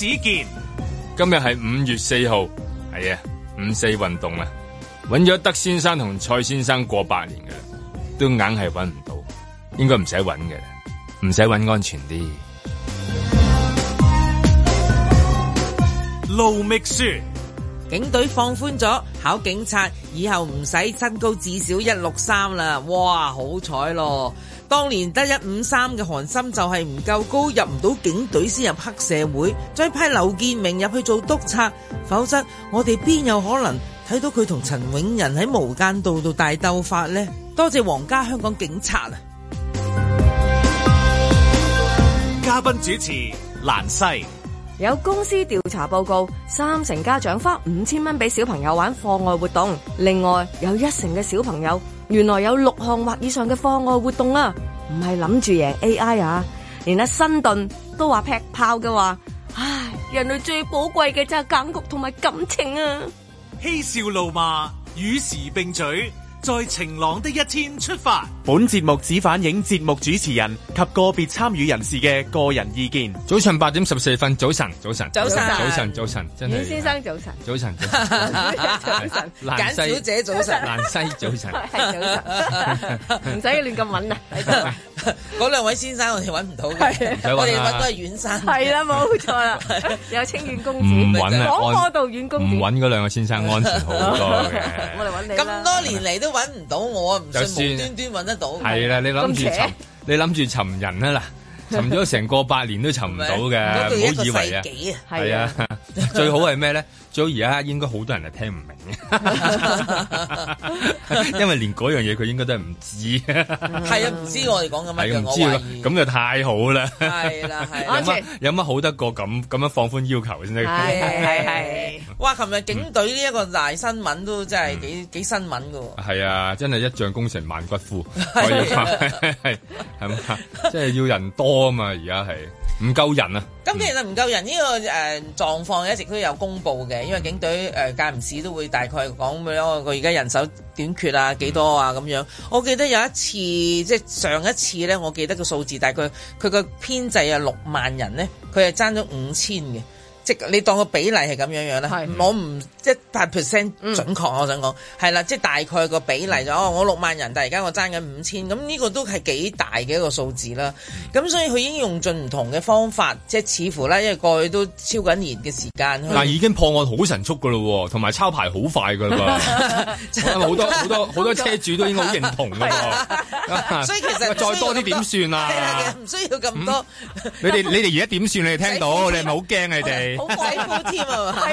只見今日係五月四號，係啊，五四運動啊，揾咗德先生同蔡先生過百年噶啦，都硬係揾唔到，應該唔使揾嘅，唔使揾安全啲。盧覓雪，警隊放寬咗考警察，以後唔使身高至少一六三啦，哇，好彩咯！當年得一五三嘅韓森就係唔夠高入唔到警隊先入黑社會，再派劉建明入去做督察，否則我哋邊有可能睇到佢同陳永仁喺無間道度大鬥法呢？多謝皇家香港警察啊！嘉賓主持蘭西，有公司調查報告，三成家長花五千蚊俾小朋友玩課外活動，另外有一成嘅小朋友。原來有六項或以上嘅課外活動啊，唔係諗住贏 AI 啊，連阿新頓都話劈炮嘅話，唉，人類最寶貴嘅就係感覺同埋感情啊，嬉笑怒罵與時並舉，在晴朗的一天出發。本節目只反映節目主持人及個別參與人士嘅個人意見。早上八點十四分，早晨，早晨，早晨，早晨，早晨，早晨，阮先生早晨，早晨，早晨，簡小姐早晨，蘭西早晨，係早晨，唔使亂咁搵啊！嗰兩位先生我哋搵唔到嘅，我哋搵都係阮生。係啦，冇錯啦，有清遠公子，廣播道，阮公子唔搵嗰兩個先生安全好多嘅。我哋搵你啦！咁多年嚟都搵唔到我啊，唔算無端端搵得。係啦， 嗯嗯、你諗住尋，你諗住尋人啊啦， 尋咗成個百年都尋唔到嘅，唔好以為啊，係。啊。最好係咩咧？最好而家應該好多人係聽唔明，因為連嗰樣嘢佢應該都係唔知。係啊，唔知我哋講緊乜嘢，我唔知咯。咁就太好啦。係啦，有乜有乜好得過咁咁樣放寬要求先咧？係係係。哇！琴日警隊呢一個大新聞都真係幾幾新聞噶。係啊，真係一將功成萬骨枯，係係係嘛，即係要人多啊嘛，而家係。唔夠人啊！咁、嗯、其實唔夠人呢、呢個誒、呃、狀況一直都有公佈嘅，因為警隊誒間唔時都會大概講咁樣，佢而家人手短缺啊幾多啊咁、嗯、樣。我記得有一次，即係上一次咧，我記得個數字大概佢個編制啊六萬人咧，佢係爭咗五千嘅。你當個比例係咁樣樣啦，的我唔即係八 percent 準確。嗯、我想講係啦，即係、就是、大概個比例就哦，我六萬人，但係而家我爭緊五千，咁呢個都係幾大嘅一個數字啦。咁、嗯、所以佢已經用盡唔同嘅方法，即係似乎咧，因為過去都超緊年嘅時間。嗱、嗯，已經破案好神速噶咯，同埋抄牌好快噶啦嘛，好 多好多好多車主都應該好認同噶所以其實再多啲點算啊？唔需要咁多。 你哋你哋而家點算？你哋、 嗯、聽到你係咪好驚？你哋？ 好鬼敷添啊嘛，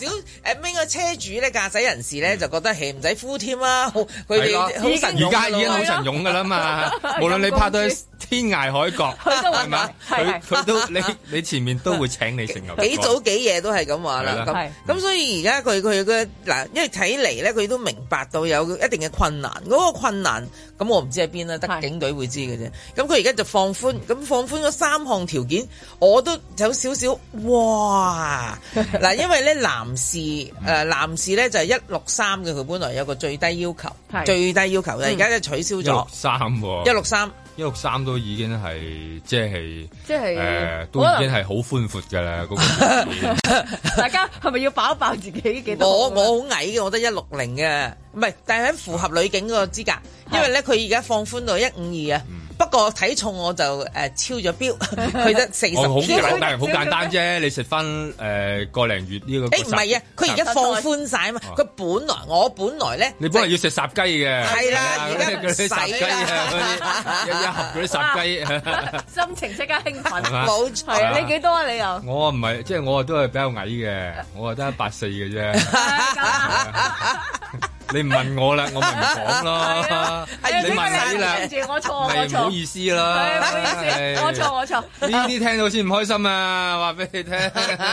小誒，邊個車主咧，駕駛人士咧，嗯、就覺得係唔使敷添啦，佢哋好神勇，而家已經好神勇嘅啦 嘛， 無論你拍到去天涯海角，係嘛， 佢佢吧 都你你前面都會請你成由。 幾早幾夜都係咁話啦，咁咁所以而家佢佢嘅嗱，因為睇嚟咧，佢都明白到有一定嘅困難，嗰、嗰個困難。咁我唔知喺邊啦，得警隊會知嘅啫。咁佢而家就放寬，咁放寬咗三項條件，我都有少少哇！嗱， 因為咧男士，誒、呃、男士咧就係一六三嘅，佢本來有個最低要求，是最低要求，而家咧取消咗一六三喎，一六三。一六三都已經係即係，即係，誒，都已經係好寬闊嘅啦。嗰個大家係咪要爆一爆自己幾多我？我我好矮嘅，我得一六零嘅，唔係，但係喺符合女警嗰個資格，因為咧佢而家放寬到一五二啊。嗯不過體重我就誒超咗標，佢得四十。我好簡單好簡單啫，你食返誒個零月呢個。誒唔係啊，佢而家放寬晒啊嘛，佢本來我本來咧。你本來要食雜雞嘅。係啦，而家食啦，一盒嗰啲雜雞。心情即刻興奮，冇錯。你幾多啊？你又？我唔係，即係我都係比較矮嘅，我啊得一百四嘅啫。你唔問我啦，我咪唔講咯。係啊，你問我啦！我錯，唔好意思啦。唔好意思，我錯我錯。呢啲聽到先唔開心啊！話俾你聽，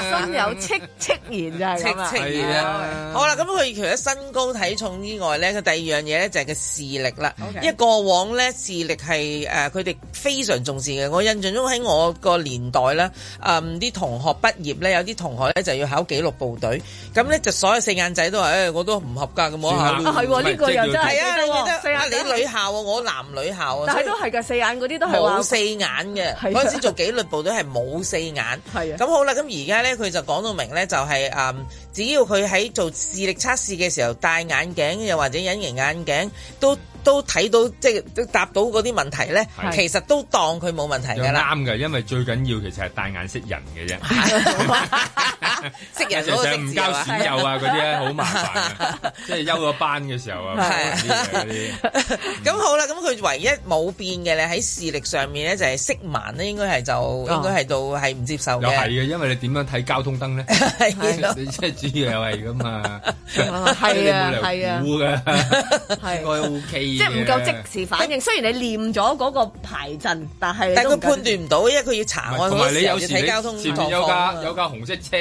心有戚戚然，就係戚戚然。好啦，咁佢除咗身高體重之外咧，佢第二樣嘢咧就係個視力啦。因為過往咧視力係誒佢哋非常重視嘅。我印象中喺我個年代咧，誒啲同學畢業咧，有啲同學咧就要考紀律部隊，咁咧就所有四眼仔都話誒我都唔合格咁啊。啊，係喎！呢個又真係啊，你女校啊，我男女校啊，但係都係㗎，四眼嗰啲都係冇四眼嘅。嗰陣、啊、時做紀律部隊都係冇四眼，係啊。咁好啦，咁而家咧，佢就講到明咧，就係、是、誒、嗯，只要佢喺做視力測試嘅時候戴眼鏡，又或者隱形眼鏡都。都睇到即係都答到嗰啲問題咧，其實都當佢冇問題嘅啦。啱嘅，因為最緊要其實係戴眼識人嘅啫，識人唔交選友啊嗰啲咧好麻煩嘅，即係休咗班嘅時候啊嗰啲。咁好啦，咁佢唯一冇變嘅咧喺視力上面咧就係色盲咧，應該係就應該係到係唔接受嘅。又係嘅，因為你點樣睇交通燈咧？係咯，即係主要又係噉啊。係啊，係啊，應該 OK。即係唔夠即時反應，雖然你念咗嗰個牌陣，但係但係佢判斷唔到，因為佢要查案。同埋你有時睇交通有架有架紅色車，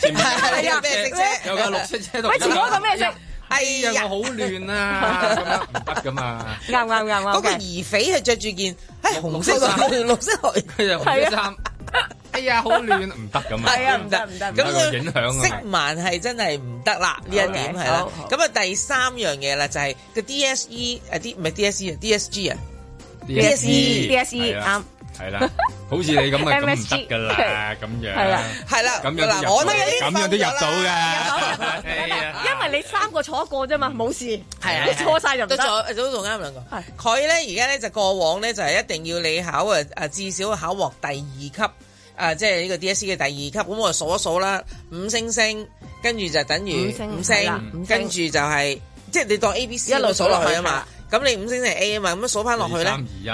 係架咩色車？有架綠色車。喂，前面嗰個咩色？哎呀，我好亂啊！咁樣唔得噶嘛？啱啱啱，嗰個疑匪係着住件哎紅色衫，綠色佢又紅色衫。哎呀，好亂唔得咁啊！係啊，唔得唔得，咁樣影響啊！色盲係真係唔得啦，呢一點係啦。咁啊，第三樣嘢啦，就係個 DSE 誒，D 唔係 DSE 啊，DSG 啊，DSE DSE 啱係啦，好似你咁啊，咁唔得噶啦，咁樣係啦，咁樣入，咁樣都入到嘅，因為你三個錯一個啫嘛，冇事係啊，錯晒又唔得，都仲啱兩個係。佢咧而家咧就過往咧就係一定要你考啊啊，至少考獲第二級。啊，即係呢個 DSC 嘅第二級，咁我數一數啦，五星星，跟住就等於五星，五星，跟住就係，即係你當 A B C 一路數落去啊嘛，咁你五星星係 A 啊嘛，咁樣數翻落去咧，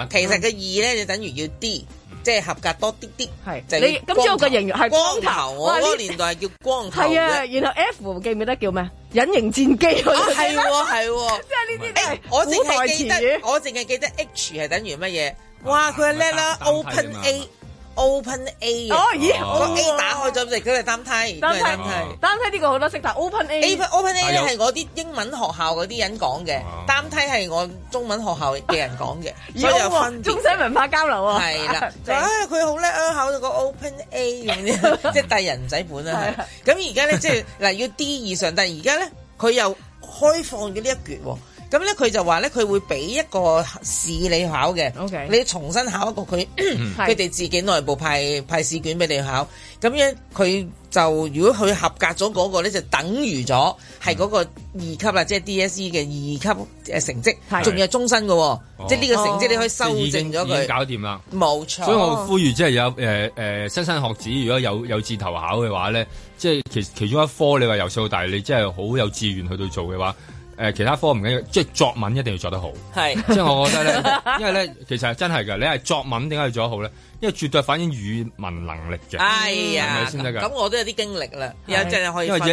其實個二咧就等於要 D，即係合格多啲啲，係。你咁即係我個形容係光頭，我嗰個年代係叫光頭。係啊，然後 F 記唔記得叫咩？隱形戰機佢係，係，即係呢啲。我只係記得，我淨係記得 H 係等於乜嘢？哇，佢係叻啦，Open A。Open A，個 A 打開咗，即係佢係單梯，單梯，單梯呢個好多識打，但 Open A，A Open A 係我啲英文學校嗰啲人講嘅，單梯係我中文學校嘅人講嘅，所以有分中西文化交流啊。係啦，就誒佢好叻啊，考到個 Open A 咁樣，即係大人仔本啦。咁而家咧即係嗱要 D 以上，但係而家咧佢又開放咗呢一橛喎。咁咧，佢就話咧，佢會俾一個試你考嘅，Okay. 你重新考一個佢佢哋自己內部派派試卷俾你考。咁樣佢就如果佢合格咗嗰、那個咧，就等於咗係嗰個二級啦，嗯、即係 DSE 嘅二級誒成績，仲是有係終身嘅，哦、即係呢個成績你可以修正咗佢、哦哦。已經搞掂啦，冇錯錯。所以我呼籲即係有誒誒新生學子，如果有有志投考嘅話咧，即、就、係、是、其其中一科，你話由細到大你真係好有志願去到做嘅話。誒其他科唔緊要，即係作文一定要做得好。係是，即係我覺得咧，因為咧，其實真係㗎，你係作文點解要做得好咧？因為絕對反映語文能力嘅。係啊、哎呀，咁我都有啲經歷啦，有隻係可因為作為、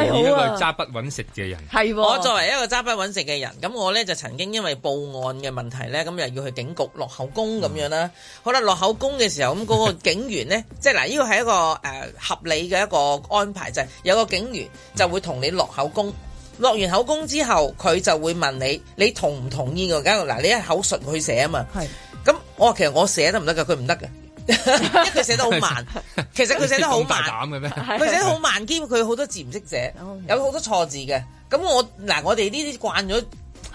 哎啊、一個揸筆揾食嘅人，係、啊、我作為一個揸筆揾食嘅人，咁我咧就曾經因為報案嘅問題咧，咁又要去警局落口供咁樣啦。好啦，落口供嘅、嗯、時候，咁、那、嗰個警員咧，即係嗱，呢個係一個誒合理嘅一個安排，就係、是、有個警員就會同你落口供。落完口供之後，佢就會問你，你同唔同意嘅？嗱，你一口述佢寫啊嘛。係是。咁、嗯、我話其實我寫得唔得㗎，佢唔得嘅， 因為佢寫得好慢。 其實佢寫得好慢。嘅咩？佢寫得好慢，兼佢好多字唔識寫，Okay. 有好多錯字嘅。咁我嗱，我哋呢啲慣咗。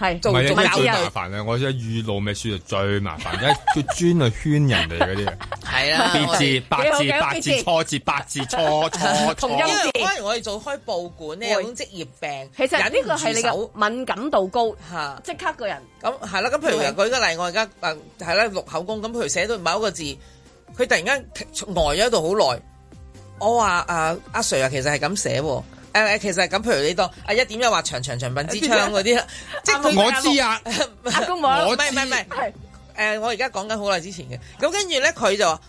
係，唔係還最麻煩嘅。我覺得預路尾書最麻煩，一叫 專去圈人哋嗰啲，係啊， 別字、別字、別字錯字、別字錯錯同音字。字字 因為我哋做開報館呢，有種職業病，其實呢個係你嘅敏感度高，嚇即刻個人。咁係啦，咁譬、嗯、如舉個例，我而家誒係咧錄口供。咁譬如寫到某一個字，佢突然間呆咗喺度好耐，我話啊阿 Sir 啊，其實係咁寫喎。誒誒、呃，其實係咁，譬如你當啊一點一畫長長長柄之槍嗰啲，麼即係我知啊，阿公冇，我知，唔係唔係，係誒，我而家講緊好耐之前嘅，咁跟住咧佢就話，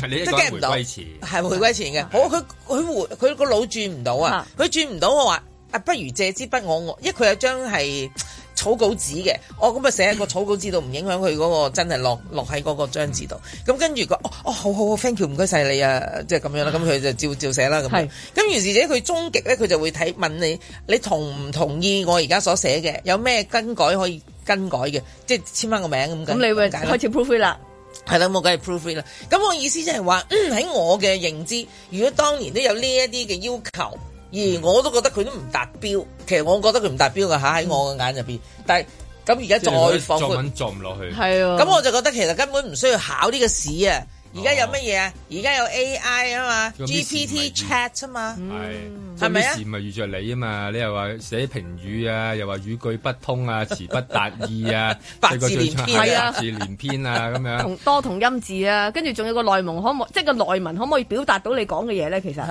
即係 get 唔到，係回歸前嘅，我佢佢回佢個腦轉唔到啊，佢轉唔到，我話啊不如借支筆我我，因為佢有張係。 草稿紙嘅，我咁啊寫喺個草稿紙度，唔影響佢嗰個真係落落喺嗰個張紙度。咁、嗯、跟住個哦哦好好，thank you 唔該晒你啊，即係咁樣啦。咁、嗯、佢就照照寫啦，咁咁於是者佢終極咧，佢就會睇問你，你同唔同意我而家所寫嘅有咩更改可以更改嘅，即係簽翻個名咁。咁你會開始 proofread 啦，係啦冇計係 proofread 啦。咁、嗯我，嗯、我意思即係話喺我嘅認知，如果當年都有呢一啲嘅要求。而我都覺得佢都唔達標，其實我覺得佢唔達標㗎吓喺我嘅眼入邊。但係咁而家再放作文作唔落去，係啊。咁 我就覺得其實根本唔需要考呢個試啊。而家有乜嘢啊？而家、哦、有 A I 啊嘛，GPT Chat 啊嘛，係係咪啊？咪預着你啊嘛？你又話寫評語啊，又話語句不通啊，詞不達意啊， 八字連篇，八字連篇啊，咁樣。同多同音字啊，跟住仲有個內蒙可唔可即係個內文可唔可以表達到你講嘅嘢咧？其實。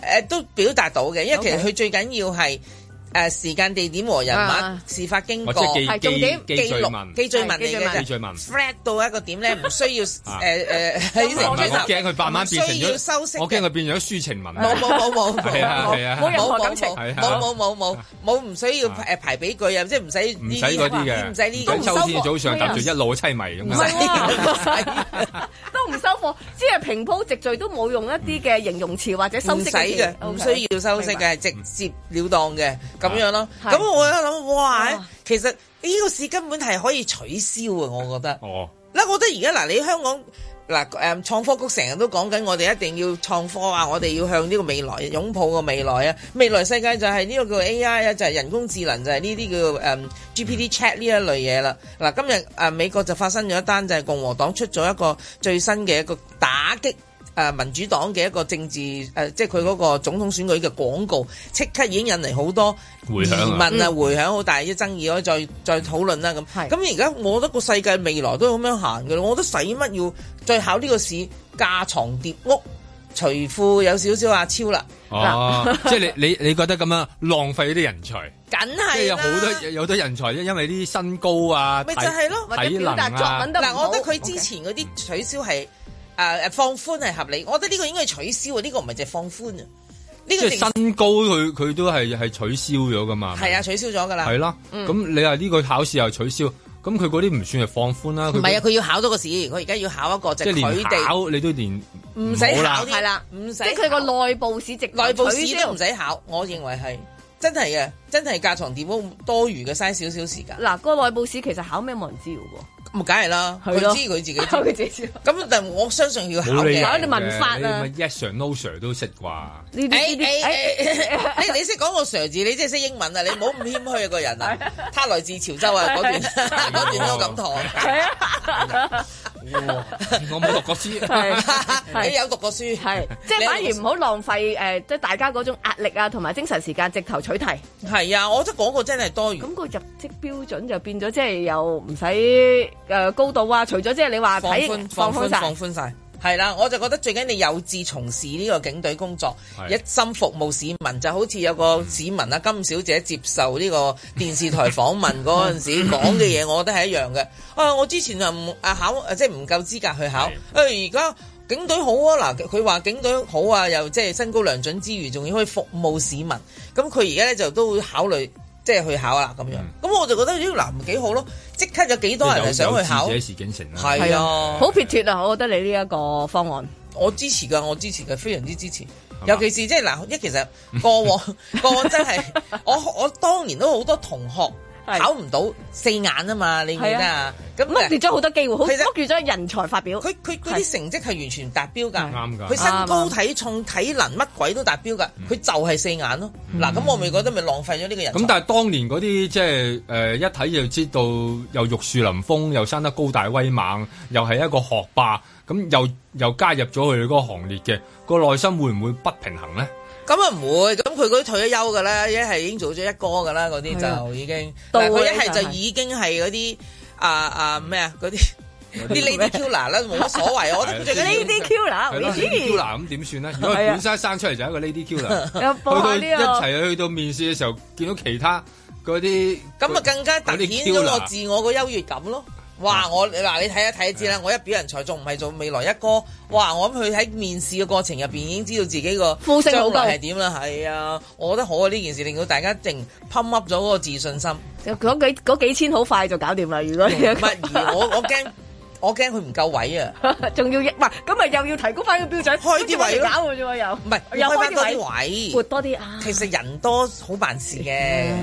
誒、呃，都表達到嘅，因為其實佢最緊要係。誒時間、地點和人物、事發經過係重點，記文，記錄文嘅就 flat 到一個點咧，唔需要誒誒驚佢慢慢變成咗，我驚佢變咗抒情文。冇冇冇冇，係冇感情，冇冇冇冇冇唔需要排比佢，啊，即係唔使唔使啲嘅，唔使呢秋天早上揼住一路凄迷咁樣，唔係都唔收貨，只係平鋪直敘都冇用一啲嘅形容詞或者修飾唔需要修飾嘅，直接了當嘅。咁樣咯，咁的我喺度諗，哇！啊、其實呢個事根本係可以取消嘅，我覺得。哦、啊，嗱，我覺得而家嗱，你香港嗱，誒、嗯，創科局成日都講緊，我哋一定要創科啊，我哋要向呢個未來擁抱個未來啊，未來世界就係呢個叫 A I 啊，就係人工智能，就係呢啲叫誒 G P T Chat 呢一類嘢啦。嗱、嗯，今日誒、嗯、美國就發生咗一單，就係、是、共和黨出咗一個最新嘅一個打擊，誒民主黨嘅一個政治誒、呃，即係佢嗰個總統選舉嘅廣告，即刻已經引嚟好多疑問啊，回響好、嗯、大，啲爭議可以再再討論啦咁。咁而家我覺得個世界未來都咁樣行㗎啦，我覺得使乜要再考呢個試？架床疊屋、除褲有少少阿超啦。即係你你你覺得咁樣？浪費啲人才，梗係有好多有多人才，因因為啲身高啊，體就或者表達作品啊，嗱，我覺得佢之前嗰啲取消係。 誒誒、啊、放寬係合理，我覺得呢個應該取消啊！呢、呢個唔係淨係放寬啊！呢個就係、即係身高佢佢都係係取消咗噶嘛？係啊，取消咗噶啦。係啦、嗯嗯，咁你話呢個考試又取消，咁佢嗰啲唔算係放寬啦。唔係啊，佢要考多個試，佢而家要考一個就取消。考你都連唔使考，係啦，唔使即係佢個內部試值內部試都唔使考，我認為係真係嘅，真係架床點都多餘嘅嘥少少時間。嗱、啊，個內部試其實考咩冇人知喎。咁梗係啦，佢知佢自己，佢自己咁。但係我相信要考嘅，你問法啊，咩 yes sir no sir 都識啩？呢啲呢啲，你你識講個 sir 字，你即係識英文啊！你唔好咁謙虛啊！個人啊，他來自潮州啊，嗰段嗰段都咁堂。我冇讀過書，你有讀過書，係即係反而唔好浪費誒，即係大家嗰種壓力啊，同埋精神時間，直頭取題。係啊，我覺得講個真係多餘。咁個入職標準就變咗，即係又唔使。誒、呃，高度啊！除咗即係你話，放寬放寬晒，係啦！我就覺得最緊要有志從事呢個警隊工作，的一心服務市民。就好似有個市民啊，的金小姐接受呢個電視台訪問嗰陣時講嘅嘢， 我覺得係一樣嘅。啊，我之前啊，考即係唔夠資格去考。誒的，而家、哎、警隊好啊，嗱，佢話警隊好啊，又即係身高良準之餘，仲要可以服務市民。咁佢而家咧就都會考慮。即係去考啦咁樣，咁、嗯、我就覺得呢個嗱幾好咯，即刻有幾多人係想去考？有時景城啦，係啊，好撇脱啊！我覺得你呢一個方案，我支持㗎，我支持噶，非常之支持。吧尤其是即係嗱，一其實過往 過往真係，我我當年都好多同學，考唔到是四眼啊嘛，你明唔明啊？咁、嗯，蝕咗好多機會，其實蝕咗人才發表。佢佢啲成績係完全唔達標㗎，啱㗎的。佢身高體的重體能乜鬼都達標㗎，佢就係四眼咯。嗱、嗯，咁、啊、我咪覺得咪浪費咗呢個人。咁、嗯、但係當年嗰啲即係誒一睇就知道又玉樹臨風，又生得高大威猛，又係一個學霸，咁又又，又加入咗佢嗰個行列嘅，個內心會唔會不平衡咧？咁啊唔會，咁佢嗰啲退咗休嘅啦，一係已經做咗一哥嘅啦，嗰啲就已經，啊、但佢一係就已經係嗰啲啊啊咩啊嗰啲，啲 Lady Killer 咧冇乜所謂，我都著緊 Lady Killer，Lady Killer 咁點算咧？如果本身生出嚟就一個 Lady Killer，去到一齊去到面試嘅時候，見到其他嗰啲，咁啊 更加突顯咗我自我個優越感咯。哇！我嗱你睇一睇知啦，我一表人才，仲唔係做未來一哥？哇！我諗佢喺面試嘅過程入邊，已經知道自己個將來係點啦。係啊，我覺得好啊！呢件事令到大家一定 pump up 咗嗰個自信心。嗰幾幾千好快就搞掂啦！如果乜、嗯、而我我驚 我驚佢唔夠位啊！仲要唔係咁咪又要提高翻個標準，開啲位搞嘅啫嘛，又唔係又開翻多啲位，活多啲啊！其實人多好辦事嘅，啊、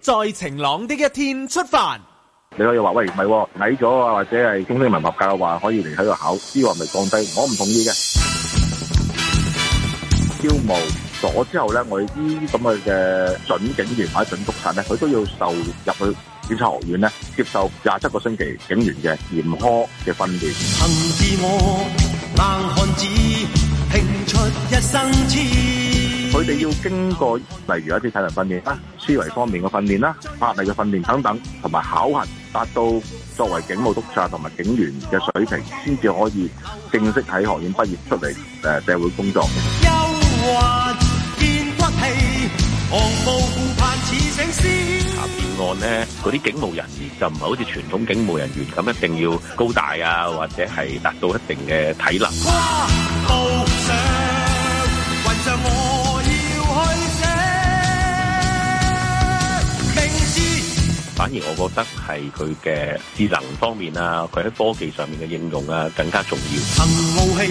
在晴朗的一天出發。你可以話，喂，唔係㗎，矮咗啊，或者係中等文憑嘅話，可以嚟喺度考，呢個咪降低。我唔同意嘅。招募咗之後咧，我哋呢啲咁嘅嘅準警員或者準督察咧，佢都要受入去警察學院咧，接受廿七個星期警員嘅嚴苛嘅訓練。佢哋要經過例如一啲體能訓練啦、思維方面嘅訓練啦、法例嘅訓練等等，同埋考核，達到作為警務督察同埋警員嘅水平，先至可以正式喺學院畢業出嚟誒社會工作。查邊案呢，嗰啲警務人員就唔係好似傳統警務人員咁一定要高大啊，或者係達到一定嘅體能。哇反而我覺得係佢嘅智能方面啊，佢喺科技上面嘅應用啊，更加重要。行武器，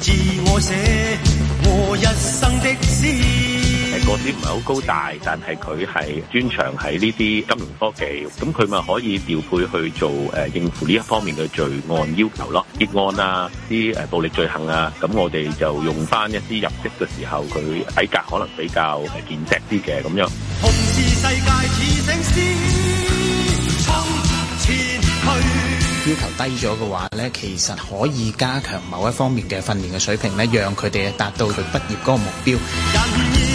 自我寫我一生的詩。誒，個子唔係好高大，但係佢係專長喺呢啲金融科技，咁佢咪可以調配去做誒應付呢一方面嘅罪案要求咯，劫案啊，啲誒暴力罪行啊，咁我哋就用翻一啲入職嘅時候佢體格可能比較健碩啲嘅咁樣。同是世界，似星閃。要求低咗嘅話咧，其實可以加強某一方面嘅訓練嘅水平咧，讓佢哋達到佢畢業嗰個目標。但願天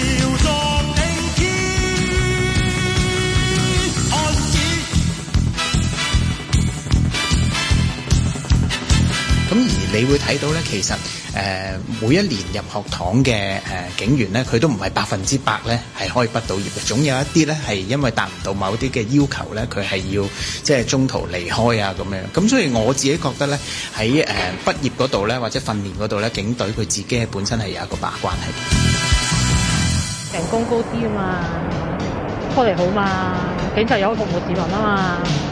咁而你會睇到咧，其實。誒、呃、每一年入學堂嘅誒、呃、警員咧，佢都唔係百分之百咧係可以畢到業嘅，總有一啲咧係因為達唔到某啲嘅要求咧，佢係要即係中途離開啊咁樣。咁所以我自己覺得咧，喺誒、呃、畢業嗰度咧，或者訓練嗰度咧，警隊佢自己嘅本身係有一個把關係。人工高啲啊嘛，福利好嘛，警察有個服務市民啊嘛。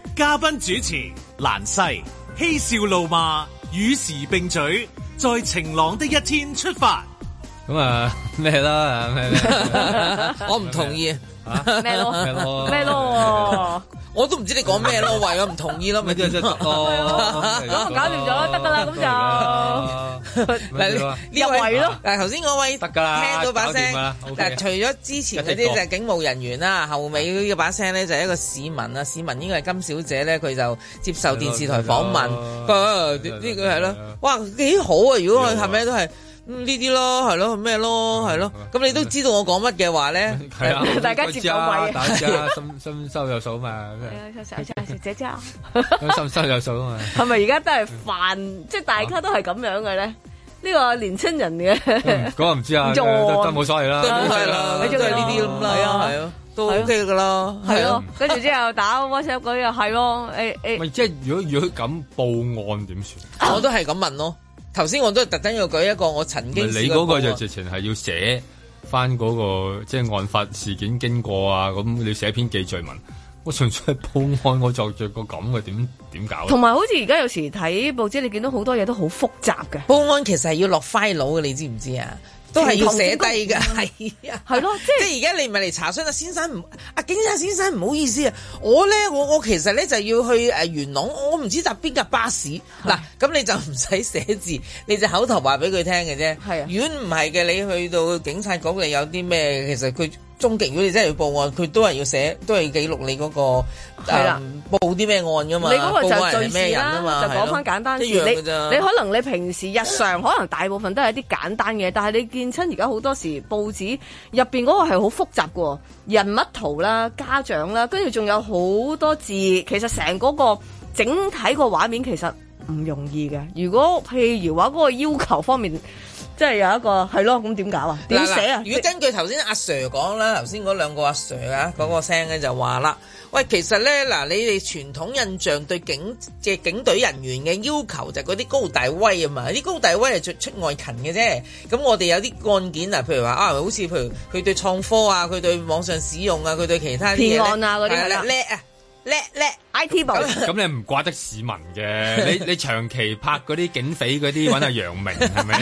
嘉賓主持蘭西，嬉笑怒罵，與時並舉，在晴朗的一天出發。咁、 嗯、啊咩咯咩我唔同意。咩咯咩咯咩咯。 我都唔知你講咩咯，為咗唔同意咯，咪即係哦，咁 搞掂咗啦，得㗎喇，咁就嚟呢位咯。嗱，頭先各位聽到把聲，但係除咗之前嗰啲就係警務人員啦，後尾呢個把聲咧就係一個市民啊，市民應該係金小姐咧，佢就接受電視台訪問。呢個係咯，哇，幾好啊！如果佢係咩都係。呢啲咯，係咯咩咯，係咯。咁你都知道我講乜嘅話咧？係啊，大家接個位，大家心心收有數嘛。係啊，姐姐啊，心收有數啊嘛。係咪而家都係煩，即係大家都係咁樣嘅咧？呢個年輕人嘅，嗰個唔知啊，都冇所謂啦，都係啦，都係呢啲咁啦，係啊，係都 OK 噶啦，係咯。跟住之後打 WhatsApp 又係咯，誒即係如果如果咁報案點算？我都係咁問咯。頭先我都特登要舉一個我曾經，你嗰個就直情係要寫翻嗰個即係、就是、案發事件經過啊！咁你寫篇記敘文，我純粹係報案，我就著個咁嘅點點搞？同埋好似而家有時睇報紙，你見到好多嘢都好複雜嘅，報案其實係要落 file 嘅，你知唔知啊？都係要寫低噶，係啊，係咯的，的即係而家你唔係嚟查詢啊，先生唔，阿警察先生唔好意思啊，我咧我我其實咧就要去誒元朗，我唔知搭邊架巴士，嗱的，咁你就唔使寫字，你就口頭話俾佢聽嘅啫，係啊的，遠唔係嘅，你去到警察局你有啲咩，其實佢。終極，如果你真係要報案，佢都係要寫，都係記錄你嗰、嗰個係啦的、嗯，報啲咩案噶嘛？你嗰個就最事啦，就講翻簡單事。的你你，你可能你平時日常可能大部分都係一啲簡單嘅，但係你見親而家好多時報紙入邊嗰個係好複雜嘅，人物圖啦、家長啦，跟住仲有好多字，其實成嗰個整體個畫面其實唔容易嘅。如果譬如話嗰個要求方面，即係有一個係咯，咁點搞啊？點寫啊？如果根據頭先阿 Sir 講啦，頭先嗰兩個阿 Sir 啊，嗰個聲咧就話啦，喂，其實咧嗱，你哋傳統印象對警即係警隊人員嘅要求就係嗰啲高大威啊嘛，啲高大威係出出外勤嘅啫。咁我哋有啲案件啊，譬如話啊，好似譬如佢對創科啊，佢對網上使用啊，佢對其他啲案啊，係啦是，啊叻啊！叻啊叻叻，I T 部咁 你唔怪得市民嘅，你你長期拍嗰啲警匪嗰啲揾阿楊明係咪？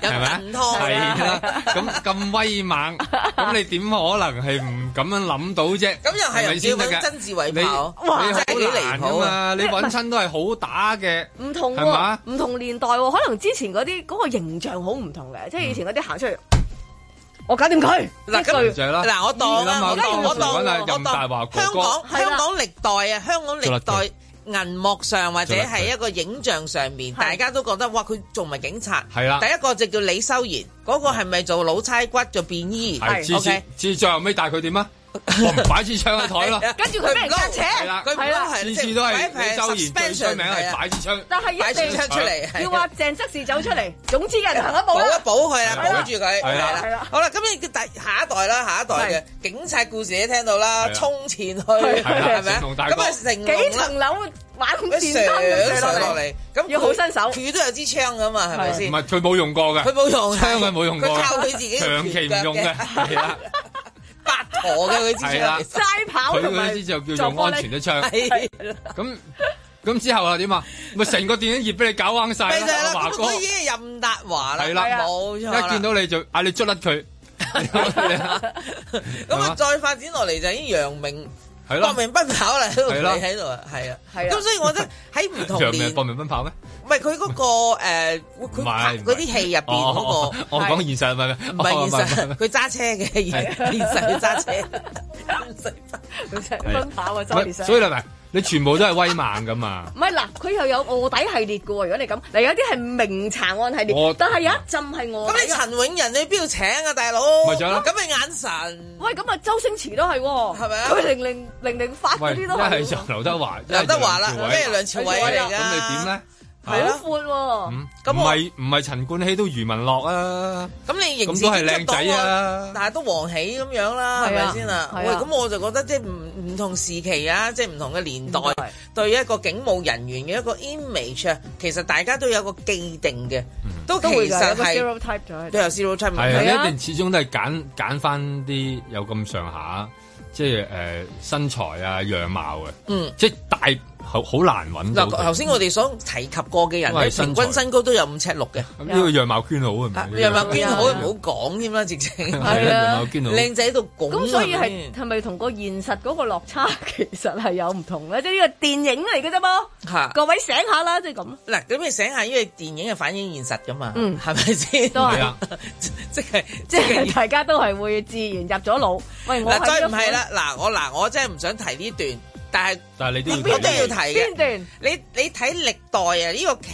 係咪？唔同係啦，咁咁、 嗯、威猛，咁你點可能係唔咁樣諗到啫？咁又係人哋咁真摯為拍，你好離譜啊！你揾親都係好打嘅，唔同係唔同年代，可能之前嗰啲嗰個形象好唔同嘅，即係以前嗰啲行出嚟。嗯我搞掂佢，嗱，咁就係啦。嗱，我當啊，我當，我當，我當。香港，香港歷代啊，香港歷代銀幕上或者係一個影像上面，大家都覺得哇，佢仲唔係警察？係啦。第一個就叫李修賢，嗰個係咪做老差骨做便衣？係黐線。至最後尾，但係佢點啊？擺支槍喺台咯，跟住佢唔識扯。係啦，次次都係李修賢最出名係擺支槍，但係擺支槍出嚟，要話鄭則仕走出嚟。總之啊，行一步一保佢啊，保住佢係啦。好啦，咁你第下一代啦，下一代嘅警察故事你聽到啦，衝前去係咪？咁啊，成幾層樓玩電咁墜落嚟，咁要好新手，佢都有支槍噶嘛，係咪先？唔係，佢冇用過嘅，佢冇用槍，佢冇用過，靠佢自己長期唔用嘅。白駝嘅佢之前齋跑，佢啲就叫做安全啲槍。咁咁、啊、 之後啊點啊，咪成個電影業俾你搞翻晒。所以、啊、任達華啦，冇錯。一見到你就嗌你捽甩佢。咁啊，再發展落嚟就已經楊明。係啦，搏命奔跑喇，喺度，喺度，係啊，係啊。咁所以我覺得喺唔同年，搏命奔跑咩？唔係佢嗰個誒，佢拍嗰啲戲入邊嗰個。我講現實係，咪？唔係現實，佢揸車嘅現實，揸車，奔跑啊，揸現實。所以啦，咪。你全部都係威猛噶嘛？唔係啦，佢又有卧底系列嘅喎。如果你咁，嗱有啲係明查案系列，我但係有一陣係我。咁你陳永仁你邊度請啊，大佬的？咁你眼神？喂，咁啊周星馳都係喎，哦，係咪啊？佢 吧零零零零發嗰啲都係。一係就劉德華，劉德華啦，咩梁朝偉嚟㗎？咁你點咧？好闊，咁唔係唔係陳冠希都余文樂啊？咁你亦都係靚仔啊？但係都王喜咁樣啦，係咪先啊？喂，咁我就覺得即係唔唔同時期啊，即係唔同嘅年代對一個警務人員嘅一個 image 啊，其實大家都有個既定嘅，都其實都有 zero type，係啊，你一定始終都係揀揀翻啲有咁上下，即係誒身材啊樣貌嘅，即係大。好難揾，嗱，頭先我哋所提及過嘅人，平均身高都有五尺六嘅。呢個樣貌圈好啊！樣貌圈好唔好講添啦，直情係啊，靚仔到咁，咁所以係係咪同個現實嗰個落差，其實係有唔同咧？即係呢個電影嚟嘅啫噃。吓，各位醒下啦，即係咁。嗱，咁你醒下，因為電影係反映現實噶嘛，係咪先？都係，即係即係，大家都係會自然入咗腦。喂，我再唔係啦，嗱，我嗱，我真係唔想提呢段。但係，我都要睇嘅。你你睇歷代啊，呢個劇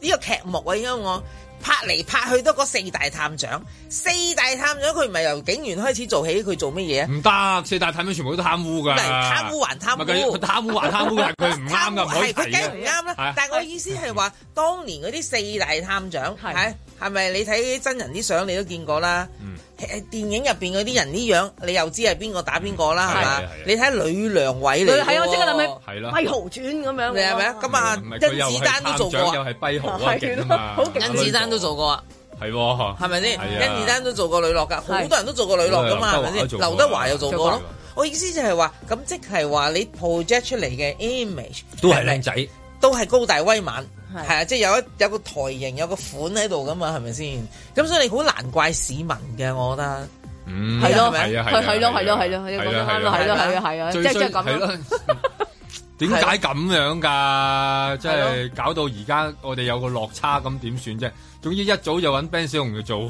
呢個劇目啊，應該我拍嚟拍去都嗰四大探長，四大探長佢唔係由警員開始做起，佢做乜嘢啊？唔得，四大探長全部都貪污㗎。貪污還貪污，貪污還貪污，佢唔啱㗎，係佢梗唔啱啦。但係我意思係話，當年嗰啲四大探長係係咪你睇真人啲相，你都見過啦？嗯。誒電影入邊嗰啲人呢樣，你又知係邊個打邊個啦，係嘛？你睇呂良偉嚟，係啊，即刻諗起跛豪傳咁樣，你係咪啊？咁啊，甄子丹都做過，探長又係跛豪啊，勁啊！甄子丹都做過，係喎，係咪先？甄子丹都做過呂樂㗎，好多人都做過呂樂㗎嘛，係咪先？劉德華又做過咯。我意思就係話，咁即係話你 project 出嚟嘅 image 都係靚仔，都係高大威猛。係啊，即係有一有個台型有個型有個款喺度噶嘛，係咪先？咁所以你好難怪市民嘅，我覺得，係咯，係啊，係係咯，係咯，係咯，係咯，係咯，係啊，係啊，啊，啊,、er, 啊，啊，即係即係咁樣。點解咁樣噶、啊？即係搞到而家我哋有個落差，咁點算啫？總之一早就揾 Ben 小紅去做，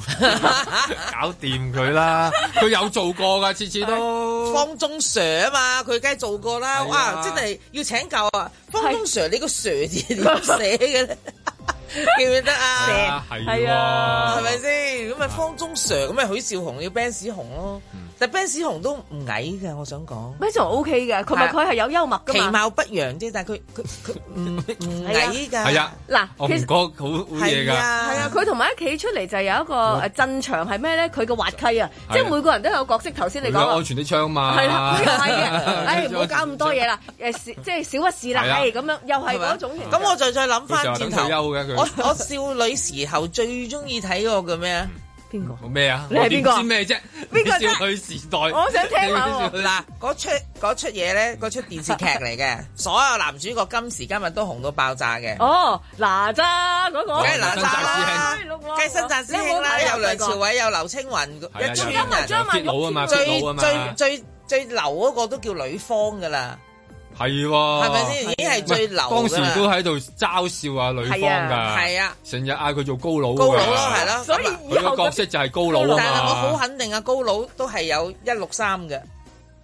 搞掂佢啦。佢有做過噶，次次都方中 Sir 啊嘛，佢梗係做過啦。啊、哇，真係要請教啊，方中 Sir，你個 Sir 字點寫嘅咧？叫 記唔記得啊？係寫啊，係咪先？咁咪、啊、方中 Sir，咁咪許少雄要 Ben 小紅咯。嗯但 Benjamin 都唔矮嘅，我想講。Benjamin O K 嘅，佢咪佢係有幽默嘅嘛？其貌不揚啫，但係佢佢佢唔唔矮噶，係啊。嗱，我講好好嘢噶，係啊，佢同埋一企出嚟就有一個誒，陣場係咩咧？佢個滑稽啊！即係每個人都有角色。頭先你講傳啲槍嘛？係啦，係嘅。哎，唔好搞咁多嘢啦。誒，即係少一事啦。係咁樣，又係嗰種。咁我就再諗翻轉頭。我我少女時候最中意睇嗰個叫咩啊？邊個？我咩啊？你係邊個？知咩啫？《小時代》我想聽下喎。嗱，嗰出嗰出嘢咧，嗰出電視劇嚟嘅，所有男主角今時今日都紅到爆炸嘅。哦，哪吒嗰個，梗係哪吒啦，梗係新紮師兄啦，有梁朝偉，有劉青雲，一村人，一村人，最最最最流嗰個都叫呂方噶啦。係喎，係咪先？已經係最流嘅。當時都喺度嘲笑阿女方噶，係啊，成日嗌佢做高佬。高佬咯，係咯，所以呢個角色就係高佬咯。但係我好肯定啊，高佬都係有一六三嘅，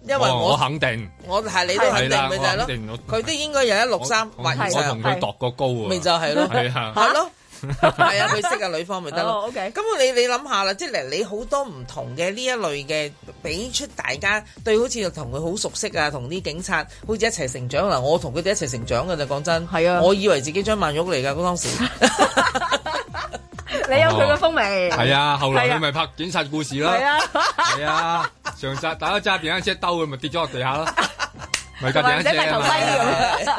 因為我肯定，我係你都肯定咪就係咯。佢都應該有一六三，或者我同佢度過高啊，咪就係咯，係咯。係啊，佢識啊女方咪得咯。咁你你諗下啦，即係你好多唔同嘅呢一類嘅，俾出大家對好似同佢好熟悉啊，同啲警察好似一齊成長啦，我同佢哋一齊成長噶就講真，係啊，我以為自己張曼玉嚟噶嗰當時，你有佢嘅風味。係啊，後來你咪拍警察故事咯。係啊，係啊，常殺打咗揸電單車兜佢咪跌咗落地下咯。咪隔住隻大頭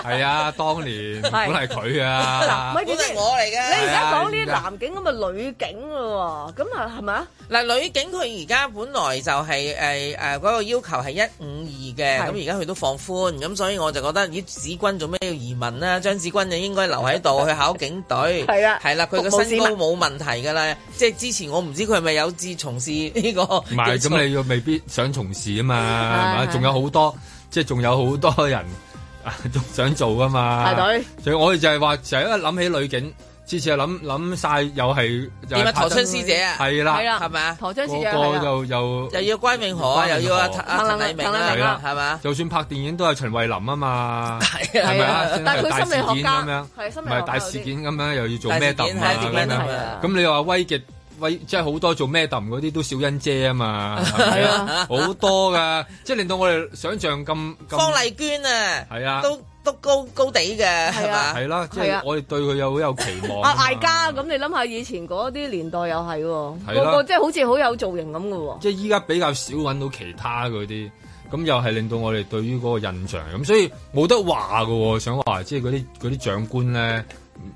係啊！當年本係佢啊，嗱，唔係本係我嚟嘅？你而家講呢啲男警咁，咪女警咯？咁啊，係咪啊？嗱，女警佢而家本來就係誒誒嗰個要求係一五二嘅，咁而家佢都放寬，咁所以我就覺得，咦，子君做咩要移民啊？張子君就應該留喺度去考警隊，係啊，係啦，佢個身高冇問題噶啦。即係之前我唔知佢係咪有志從事呢個，唔係咁你要未必想從事啊嘛，係嘛？仲有好多。即係仲有好多人啊，仲想做噶嘛？排隊。所以我哋就係話，成日一諗起女警，次次諗諗晒又係。點啊，陀槍師姐啊。係啦。係啦。係嘛？陀槍師姐。嗰個就又又要關詠荷，又要啊啊滕麗名啦，係嘛？就算拍電影都係陳慧琳啊嘛。係啊。係咪啊？但係佢心理學家咁樣，唔係大事件咁樣，又要做咩特務啊？咁你又話威極？喂，即係好多做咩 madam 嗰啲都小欣姐啊嘛，係啊，好 多噶，即係令到我哋想象咁。方麗娟啊，係啊都，都都高高哋嘅，係啊，係啦，即係我哋對佢又好有期望。 啊，艾嘉，咁你諗下以前嗰啲年代又係、啊，啊、個個即係好似好有造型咁嘅喎。即係依家比較少揾到其他嗰啲。咁又係令到我哋對於嗰個印象咁，所以冇得話㗎喎，想話即係嗰啲啲長官咧，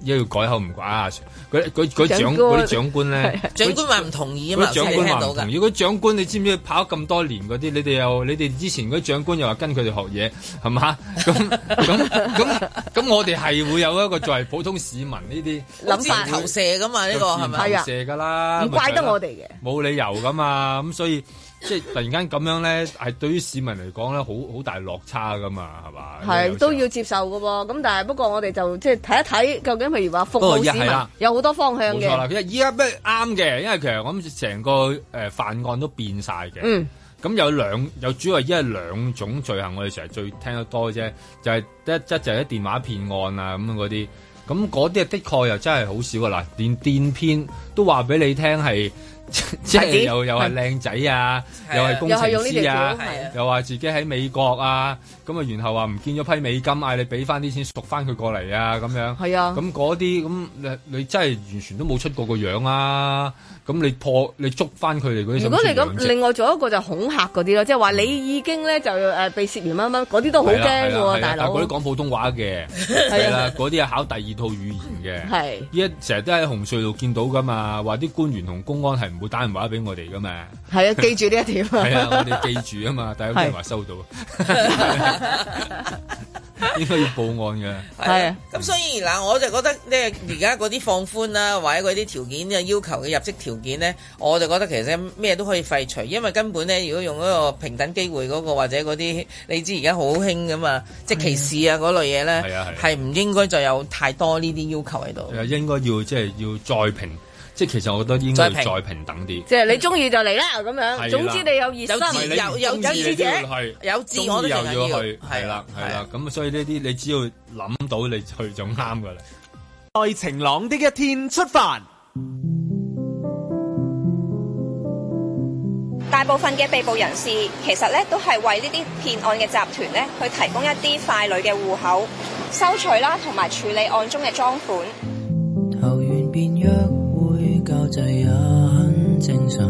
一定要改口唔怪啊！嗰嗰嗰啲長官咧，長官話唔同意啊！長官話唔同意，如果長官你知唔知跑咁多年嗰啲，你哋又你哋之前嗰啲長官又話跟佢哋學嘢係嘛？咁咁咁咁， 我哋係會有一個作為普通市民呢啲諗法投射㗎嘛？呢、呢個係咪啊？投射㗎啦，唔的怪得我哋嘅，冇 理由㗎嘛。咁所以。 即係突然間咁樣咧，係對於市民嚟講咧，好好大落差噶嘛，係嘛？係是都要接受噶喎。咁但係不過我哋就即係睇一睇究竟，譬如話服務市民有好多方向嘅、哦。啊、啦，嗯、其實依家咩啱嘅，因為其實我諗成個誒犯案都變晒嘅。嗯。咁有兩有主要，一係兩種罪行，我哋成日最聽得多啫，就係一一就係、是、啲電話騙案啊咁嗰啲。咁嗰啲啊，那那的確又真係好少噶啦，連電騙都話俾你聽係。 即係又是又係靚仔啊，啊又係工程師啊，啊又話自己喺美國啊，咁啊然後話唔見咗批美金，嗌你俾翻啲錢贖翻佢過嚟啊，咁樣。係啊，咁嗰啲咁你你真係完全都冇出過個樣啊！咁你破你捉翻佢哋嗰啲，如果你咁另外仲有一個就恐嚇嗰啲咯，即係話你已經咧就誒被涉嫌乜乜嗰啲都好驚喎，大佬嗰啲講普通話嘅係啦，嗰啲係考第二套語言嘅係，一成日都喺紅隧度見到噶嘛，話啲官員同公安係唔會打電話俾我哋噶嘛，係啊，記住呢一點係啊，我哋記住啊嘛，打電話收到，應該要報案嘅係。咁所以嗱，我就覺得咧，而家嗰啲放寬啊，或者嗰啲條件要求嘅入職條。條件咧，我就覺得其實咩都可以廢除，因為根本咧，如果用嗰個平等機會嗰個或者嗰啲，你知而家好興噶嘛，即係歧視啊嗰類嘢咧，係唔應該再有太多呢啲要求喺度。應該要即係要再平，即係其實我覺得應該再平等啲。即係你中意就嚟啦，咁樣。總之你有熱心，有有有志有志我都就要。係啦，係啦，咁所以呢啲你只要諗到你去就啱噶啦。在晴朗的一天出發。大部分嘅被捕人士，其實咧都係為騙呢啲騙案嘅集團咧，去提供一啲傀儡嘅戶口收取啦，同埋處理案中嘅贓款。完正常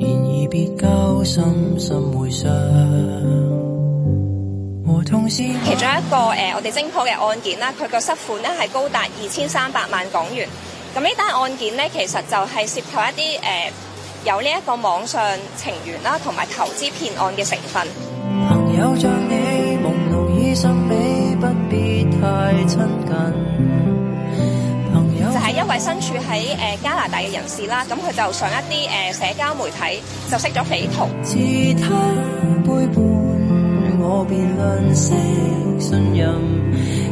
然而交心通其中一個誒、呃，我哋偵破嘅案件啦，佢個失款咧係高達二千三百萬港元。咁呢單案件呢，其實就係涉及一啲誒、呃、有呢一個網上情緣啦，同埋投資騙案嘅成分。就係一位身處喺誒、呃、加拿大嘅人士啦，咁、啊、佢就上一啲誒、呃、社交媒體就識咗匪徒。自他背叛我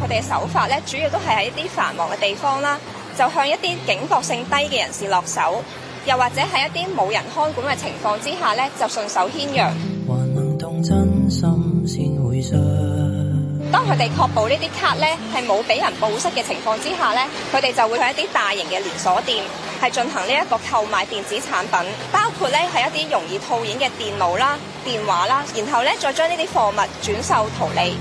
佢哋嘅手法咧，主要都係喺一啲繁忙嘅地方啦，就向一啲警覺性低嘅人士落手，又或者喺一啲冇人看管嘅情況之下咧，就順手牽羊。當佢哋確保呢啲卡咧係冇俾人報失嘅情況之下咧，佢哋就會喺一啲大型嘅連鎖店係進行呢一個購買電子產品，包括咧喺一啲容易套現嘅電腦啦、電話啦，然後咧再將呢啲貨物轉售圖利。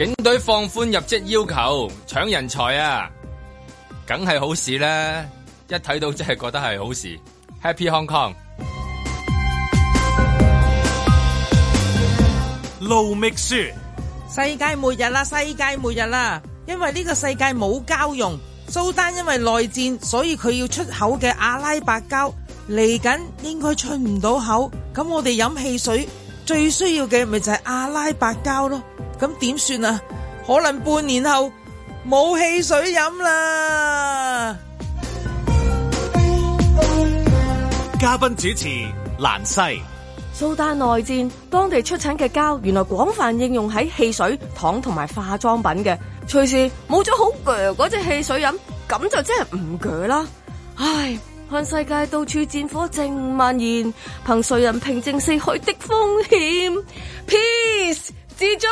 警隊放寬入職要求，搶人才啊，梗係好事啦！一睇到真係覺得係好事，Happy Hong Kong。盧覓雪：世界末日啦，世界末日啦！因為呢個世界冇膠融，蘇丹因為內戰，所以佢要出口嘅阿拉伯膠嚟緊應該出唔到口，咁我哋飲汽水最需要嘅咪就係阿拉伯膠咯。咁點算啊？可能半年後冇汽水飲啦。嘉賓主持蘭西，蘇丹內戰，當地出產嘅膠原來廣泛應用喺汽水、糖同埋化妝品嘅。隨時冇咗好鋸嗰隻汽水飲，咁就真係唔鋸啦。唉，看世界到處戰火正蔓延，憑誰人平靜四海的風險？Peace。之中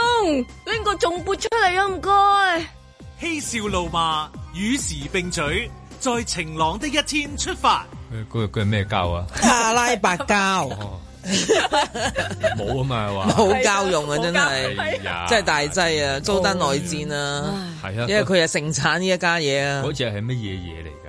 拎個仲撥出嚟啊！唔該，嬉笑怒罵與時並舉，在晴朗的一天出發。佢嗰佢係咩膠啊？阿拉伯膠冇啊嘛係話冇膠用啊！真係真係大劑啊！蘇丹內戰啊！係唉啊，因為佢係盛產呢一家嘢啊。好似係乜嘢嘢嚟嘅？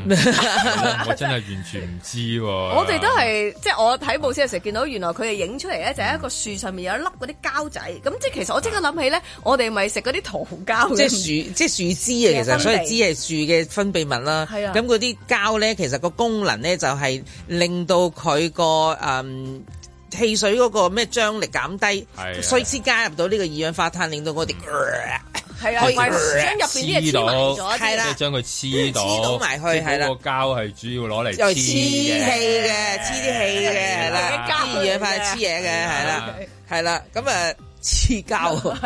我真係完全唔知喎。 我哋都係即係我睇報紙嘅時候見到，原來佢哋影出嚟咧，就係一個樹上面有一粒嗰啲膠仔。咁即係其實我，我即刻諗起咧，我哋咪食嗰啲桃膠。即係樹即係樹枝啊，其實所以枝係樹嘅分泌物啦。係啊。咁嗰啲膠咧，其實個功能咧就係令到佢個誒汽水嗰個咩張力減低，隨、啊、之加入到呢個二氧化碳，令到我哋、呃。嗯係啦，將入邊嘢黏埋咗，即係將佢黐到，黏埋去，係啦。個膠係主要攞嚟黐氣嘅，黐啲氣嘅，黐啲氣嘅，係啦，黐嘢塊黐嘢嘅，係啦，係啦。咁誒，黐膠啊！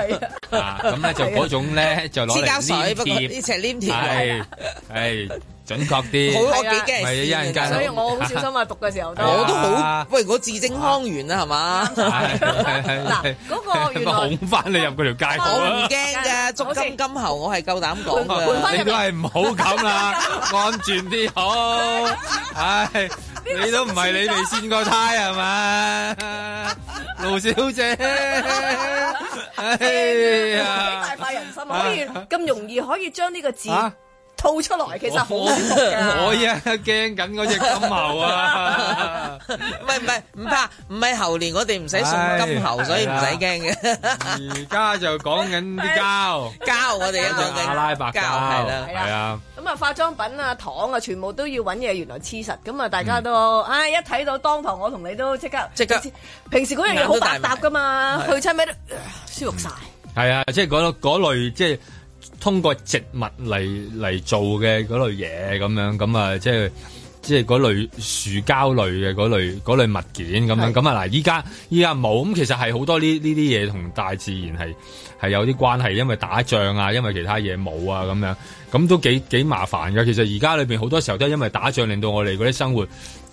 嗱，咁咧就嗰種咧就攞啲膠水，不過呢隻黏稠，係係。準確啲，我幾驚，所以我好小心啊！讀嘅時候，我都好。喂，我字正腔圓啊，係嘛？嗱，嗰個我恐翻你入嗰條街，我唔驚嘅。足金今後，我係夠膽講嘅。你都係唔好咁啦，安全啲好。唉，你都唔係你哋先個胎係嘛？盧小姐，大快人心！可以咁容易可以將呢個字。報出來，其實好，我依家驚緊嗰隻金猴啊！唔係唔係唔怕，唔係猴年，我哋唔使送金猴，所以唔使驚嘅。而家就講緊啲膠，膠我哋啊講緊阿拉伯膠，係啦，係啊。咁啊，化妝品啊、糖啊，全部都要揾嘢原來黐實，咁啊，大家都唉一睇到當堂，我同你都即刻即刻。平時嗰樣嘢好百搭㗎嘛，去親咪都舒服晒。係啊，即係講到嗰類即係。通過植物嚟嚟做嘅嗰類嘢咁樣咁啊，即係即係嗰類樹膠類嘅嗰類類物件咁樣咁啊嗱，依家依家冇咁，其實係好多呢呢啲嘢同大自然係係有啲關係，因為打仗啊，因為其他嘢冇啊咁樣，咁都幾幾麻煩嘅。其實而家裏面好多時候都係因為打仗令到我哋嗰啲生活。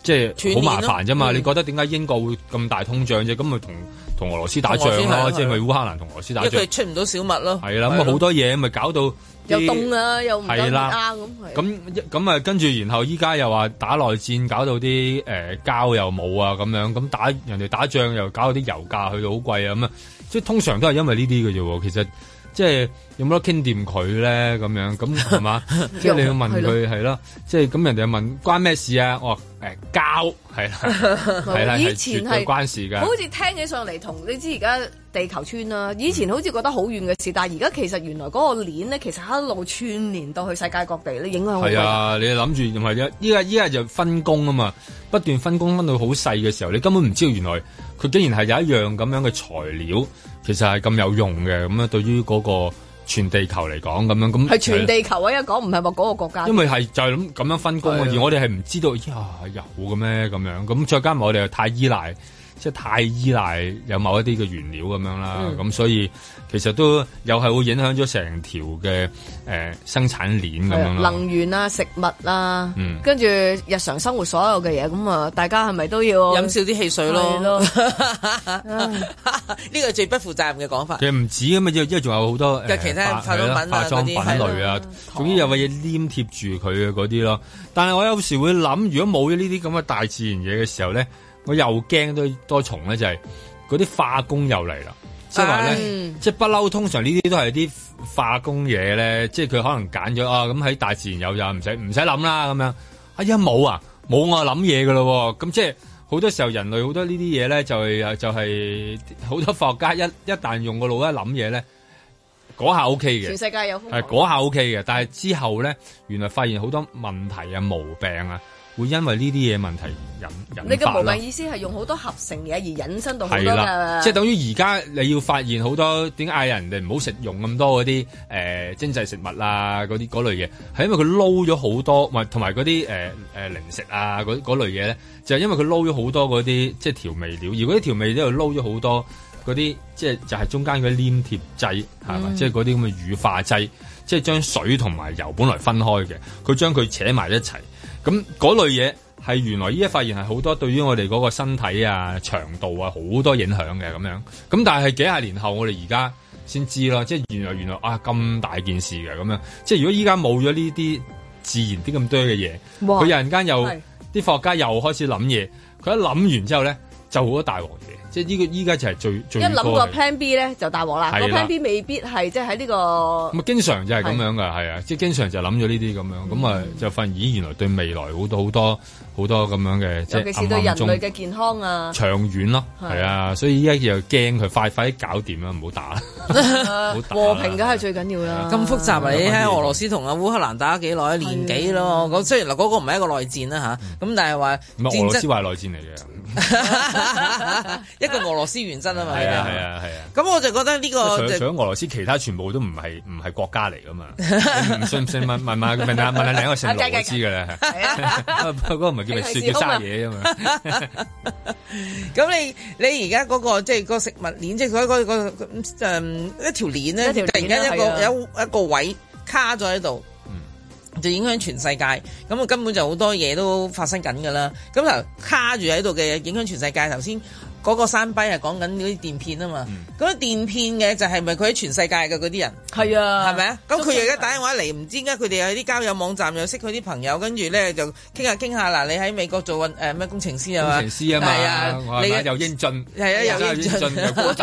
即係好麻煩啫嘛？你覺得點解英國會咁大通脹啫？咁咪同同俄羅斯打仗啦，即係去烏克蘭同俄羅斯打仗，一佢出唔到小麥咯。係啦，咁好多嘢咪搞到又凍啊，又唔係啦咁。咁咁咪跟住，然後依家又話打內戰，搞到啲誒膠又冇啊咁樣。咁打人哋打仗又搞到啲、呃、油價去到好貴啊咁啊。即係通常都係因為呢啲嘅啫喎，其實。即係有冇得傾掂佢咧？咁樣咁係嘛？即係你要問佢係咯？即係咁人哋問關咩事啊？我話誒交係啦，係啦的以前 關係關事㗎，好似聽起上嚟同你知而家地球村啦、啊。以前好似覺得好遠嘅事，嗯、但係而家其實原來嗰個鏈咧，其實一路串連到去世界各地，你影響好。係啊，你諗住同埋咧？依家依家就分工啊嘛，不斷分工分到好細嘅時候，你根本唔知道原來佢竟然係有一樣咁樣嘅材料。其實係咁有用嘅，咁樣對於嗰個全地球嚟講，咁樣咁係全地球啊，一講唔係話嗰個國家。因為係就係咁咁樣分工啊，而我哋係唔知道、哎、呀有嘅咩咁樣，咁再加埋我哋又太依賴。即係太依賴有某一啲嘅原料咁樣啦，咁、嗯嗯、所以其實都又係會影響咗成條嘅誒生產鏈咁樣。能源啊，食物啊，嗯、跟住日常生活所有嘅嘢，咁啊，大家係咪都要飲少啲汽水咯？呢個最不負責任嘅講法。其實唔止啊嘛，因為仲有好多、呃、其他化妝品啊、嗰、呃、啲品類啊，總之有嘅嘢黏貼住佢嘅嗰啲咯。但係我有時會諗，如果冇咗呢啲咁嘅大自然嘢嘅時候咧。我又驚多多蟲咧，就係嗰啲化工又嚟啦，即係話咧，即係不嬲。通常呢啲都係啲化工嘢咧，即係佢可能揀咗啊，咁喺大自然有就唔使唔使諗啦咁樣。哎呀，冇啊，冇我諗嘢噶咯，咁即係好多時候人類好多呢啲嘢咧，就係、是、就係、是、好多科學家一一,一旦用個腦一諗嘢咧，嗰下 OK 嘅。全世界有，係嗰下 OK 嘅，但係之後咧，原來發現好多問題啊，毛病啊。會因為呢啲嘢問題引引，你嘅無名意思係用好多合成嘢而引申到好多嘅。係啦，係咪？即係等於而家你要發現好多點解人哋唔好食用咁多嗰啲誒精製食物啊，嗰啲嗰類嘢，係因為佢撈咗好多，同埋嗰啲誒誒零食啊嗰類嘢咧，就係、是、因為佢撈咗好多嗰啲即係調味料。而嗰啲調味料撈咗好多嗰啲，即係就係中間嗰啲黏貼劑係嘛，即係嗰啲咁嘅乳化劑，即係將水同埋油本來分開嘅，佢將佢扯埋一齊。咁嗰、嗯、類嘢係原來依家發現係好多對於我哋個身體啊、腸道啊好多影響嘅咁樣，咁但係幾廿年後我哋而家先知咯，即係原來原來啊咁大件事嘅咁樣，即係如果依家冇咗呢啲自然啲咁多嘅嘢，佢有陣間又啲的科學家又開始諗嘢，佢一諗完之後咧就好多大鑊。即係呢個依家就係最最一諗個 plan B 咧就大禍大鑊啦，個 plan B 未必係即係喺呢個。咁啊，經常就係咁樣噶，係啊，即係經常就諗咗呢啲咁樣，咁啊就發現咦，原來對未來好多好多好多咁樣嘅。尤其是對人類嘅健康啊，長遠咯，係啊，所以依家又驚佢快快啲搞掂啊，唔好打，唔好打啦。和平梗係最緊要啦。咁複雜啊！你睇俄羅斯同阿烏克蘭打幾耐年幾咯？我雖然嗱嗰個唔係一個內戰啦嚇，咁但係話戰爭係內戰嚟嘅。 一個俄羅斯原生啊嘛，係 啊係啊係啊。咁、啊、我就覺得呢個除咗俄羅斯，其他全部都唔係唔係國家嚟噶嘛。唔 信唔信問問問問下問下另一個食俄羅斯知噶啦。係 啊，嗰、啊啊、 個唔係叫咪雪地沙嘢噶嘛？咁 你你而家嗰個即係、就是、個食物鏈，即係佢嗰嗰咁誒一條鏈咧，突然間一個、啊、有一個位卡咗喺度。就影響全世界，咁啊根本就好多嘢都發生緊㗎啦。咁就卡住喺度嘅影響全世界，頭先。嗰個山碑係講緊嗰啲電片啊嘛，啲電片嘅就係咪佢喺全世界嘅嗰啲人？係啊，係咪啊？咁佢而家打電話嚟，唔知點解佢哋有啲交友網站又識佢啲朋友，跟住咧就傾下傾下嗱，你喺美國做緊誒咩工程師啊嘛？工程師啊嘛，係啊，你又英俊，係啊又英俊，係咯，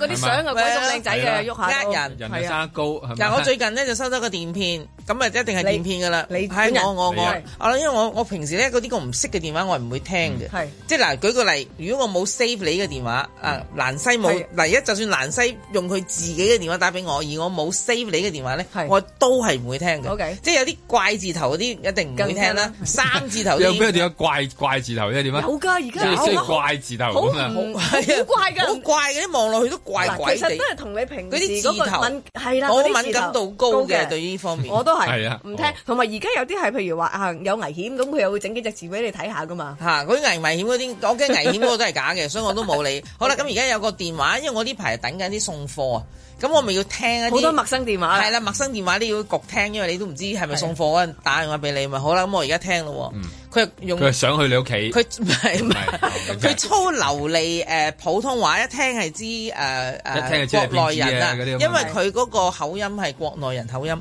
嗰啲相啊鬼咁靚仔嘅喐下，呃人，人渣高。嗱我最近咧就收到個電片，咁啊一定係電片噶啦，你，係我我我，啊因為我我平時咧嗰啲我唔識嘅電話我唔會聽嘅，即係嗱舉個例，如果我冇識。save 你嘅電話，啊蘭西冇。嗱而家就算蘭西用佢自己嘅電話打俾我，而我冇 save 你嘅電話咧，我都係唔會聽嘅。O K，即係有啲怪字頭嗰啲一定唔會聽啦，三字頭有邊度點啊？怪怪字頭即係點啊？有噶，而家有啊，怪字頭，好啊，好怪噶，好怪，啲望落去都怪鬼地。其實都係同你平啲字頭敏係啦，嗰啲敏感度高嘅對呢方面，我都係，係啊，唔聽。同埋而家有啲係，譬如話啊有危險，咁佢又會整幾隻字俾你睇下噶嘛。吓，嗰啲危危險嗰啲，我驚危險嗰個都係假嘅。所以我都冇理，好啦， 咁而家有個電話，因為我呢排等緊啲送貨啊，咁我咪要聽一啲好多陌生電話，係啦，陌生電話你要焗聽，因為你都唔知係咪送貨嗰陣打電話俾你嘛，好啦，咁我而家聽咯喎。 嗯佢用佢係想去你屋企，佢唔係唔係，佢操 流利誒、呃、普通話，一聽係知誒誒，呃、一聽係知國內人啊，因為佢嗰個口音係國內人口音。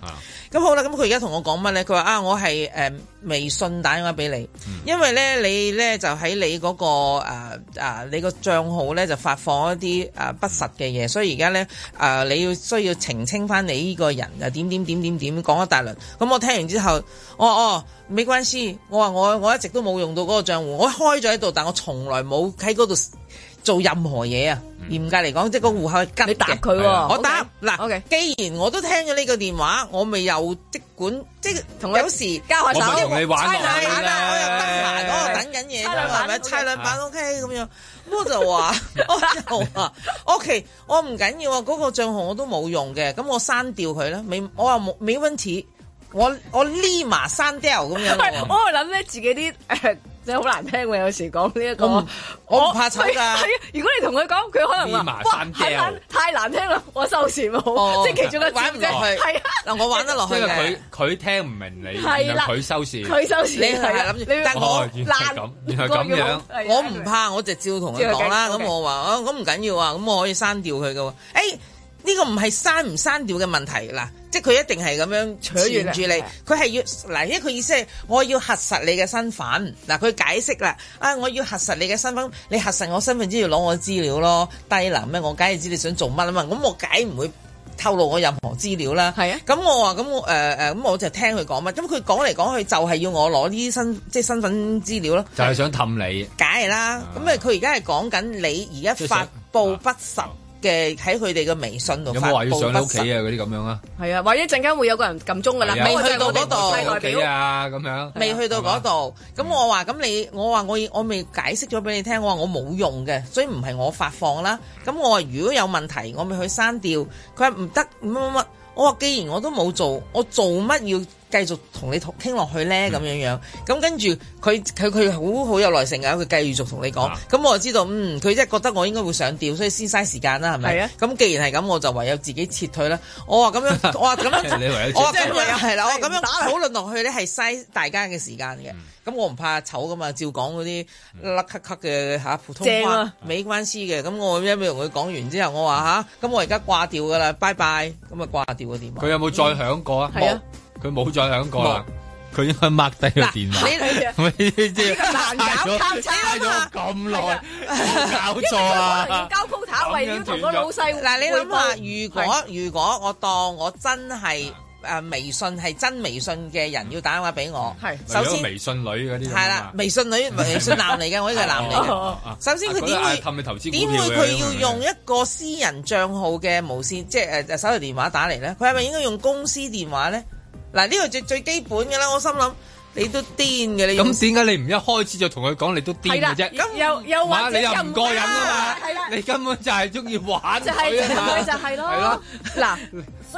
咁好啦，咁佢而家同我講乜咧？佢話啊，我係誒、嗯、微信打電話俾你，因為咧你咧就喺你嗰、那個誒、呃、你個賬號咧就發放一啲誒不實嘅嘢，所以而家咧誒你要需要澄清翻你呢個人又點點點點點講一大輪。咁我聽完之後，哦哦。哦冇關事，我話我我一直都冇用到嗰個賬戶，我開咗喺度，但我從來冇喺嗰度做任何嘢啊！嚴格嚟講，即係個戶口係吉嘅。你答佢喎，我答嗱，既然我都聽咗呢個電話，我咪又即管即係同有時交下手，我玩啦，我有得埋我又等緊嘢，係咪？差兩板 OK 咁樣，咁我就話，我就話 OK，我唔緊要啊，嗰個賬號我都冇用嘅，咁我刪掉佢啦。未，我話冇冇關我我匿埋刪掉咁樣，我會諗咧自己啲誒，即係好難聽喎。有時講呢一個，我我怕醜噶。如果你同佢講，佢可能匿埋刪掉，太難聽啦，我收線冇，即係其中一轉折。係啊，嗱，我玩得落去嘅，佢佢聽唔明你，係啦，佢收線，佢收線。你係諗住，但係我難，咁叫，我唔怕，我直照同佢講啦。咁我話，啊，咁唔緊要啊，咁我可以刪掉佢噶。誒，呢個唔係刪唔刪掉嘅問題啦。即係佢一定係咁樣扯住你，佢係要嗱，因為佢意思係我要核實你嘅身份。嗱，佢解釋啦，啊，我要核實你嘅身份，你核實我身份資料攞我資料咯，低能咩？我梗係知你想做乜啊嘛，咁我梗唔會透露我任何資料啦。係啊，咁我話咁我誒誒，咁、呃我，呃、我就聽佢講嘛。咁佢講嚟講去就係、是、要我攞啲身即係身份資料咯，就係想氹你，梗係啦。咁誒、啊，佢而家係講緊你而家發布不實。啊啊啊啊嘅喺佢哋嘅微信度有冇話要上你屋企啊？嗰啲咁樣啊？係啊，話一陣間會有個人撳鐘噶啦，啊、未去到嗰度。屋企啊，咁樣，啊、未去到嗰度。咁吧我話，咁你，我話，我我未解釋咗俾你聽，我話，我冇用嘅，所以唔係我發放啦。咁我話，如果有問題，我咪去刪掉。佢話唔得，乜乜乜。我話，既然我都冇做，我做乜要？繼續同你傾落去咧，咁樣樣，咁跟住佢佢佢好好有耐性噶佢繼續同你講，咁我就知道，嗯，佢即係覺得我應該會上吊，所以先嘥時間啦，係咪？係啊。咁既然係咁，我就唯有自己撤退啦。我話咁樣，我話咁樣，我話咁樣，係啦，我咁樣討論落去咧，係嘥大家嘅時間嘅。咁我唔怕醜噶嘛，照講嗰啲甩咳咳嘅吓普通話冇關係嘅。咁我一味同佢講完之後，我話吓，咁我而家掛掉噶啦，拜拜，咁咪掛掉個電話。佢有冇再響過啊？係啊。佢冇再兩個啦。佢應該擘低個電話，開咗咁耐搞錯啊！交通塔為點同個老細？嗱、啊，你諗下，如果如果我當我真係誒微信係真微信嘅人要打電話俾我，係首先微信女嗰啲係啦，微信女、微信男嚟嘅，我呢個男嚟嘅。啊啊啊、首先佢點會點、啊、係咪投資、會佢要用一個私人帳號嘅無線，即係誒手提電話打嚟咧？佢係咪應該用公司電話咧？嗱，呢個最最基本嘅啦，我心諗你都癲嘅，你咁點解你唔一開始就同佢講你都癲嘅啫？咁的本又又或者你又唔過癮啦，係啦的，的你根本就係中意玩，就係就係咯，係咯，嗱。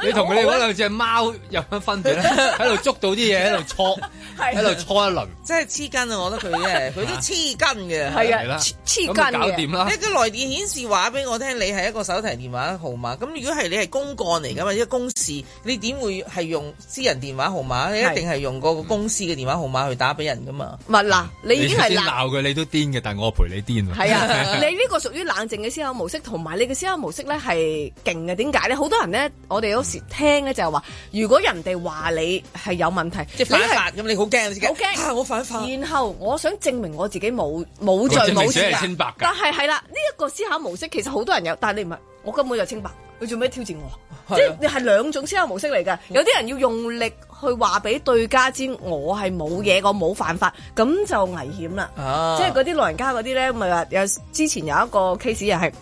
你同佢哋嗰兩隻貓有乜分別咧？喺度捉到啲嘢，喺度搓，喺度搓一輪。即係黐筋啊！我覺得佢佢都黐筋嘅。係啊，黐筋嘅。咁搞掂啦！一啲來電顯示話俾我聽，你係一個手提電話號碼。咁如果係你係公幹嚟㗎嘛，一公事，你點會係用私人電話號碼？你一定係用個公司嘅電話號碼去打俾人㗎嘛？唔係嗱，你已經係鬧佢，你都癲嘅。但係我陪你癲。係啊，你呢個屬於冷靜嘅思考模式，同埋你嘅思考模式咧係勁嘅。點解咧？好多人咧，我哋都。聽咧就係話，如果人哋話你係有問題，即係犯法咁是，你好驚，好驚、啊，我犯法。然後我想證明我自己冇冇罪冇錯，事清白。但係係啦，呢一、這個思考模式其實好多人有，但係你唔係，我根本就清白，佢做咩挑戰我？的即係係兩種思考模式嚟㗎。有啲人要用力去話俾對家知我係冇嘢，嗯、我冇犯法，咁就危險啦。啊、即係嗰啲老人家嗰啲咧，咪話有之前有一個 case 又、就、係、是。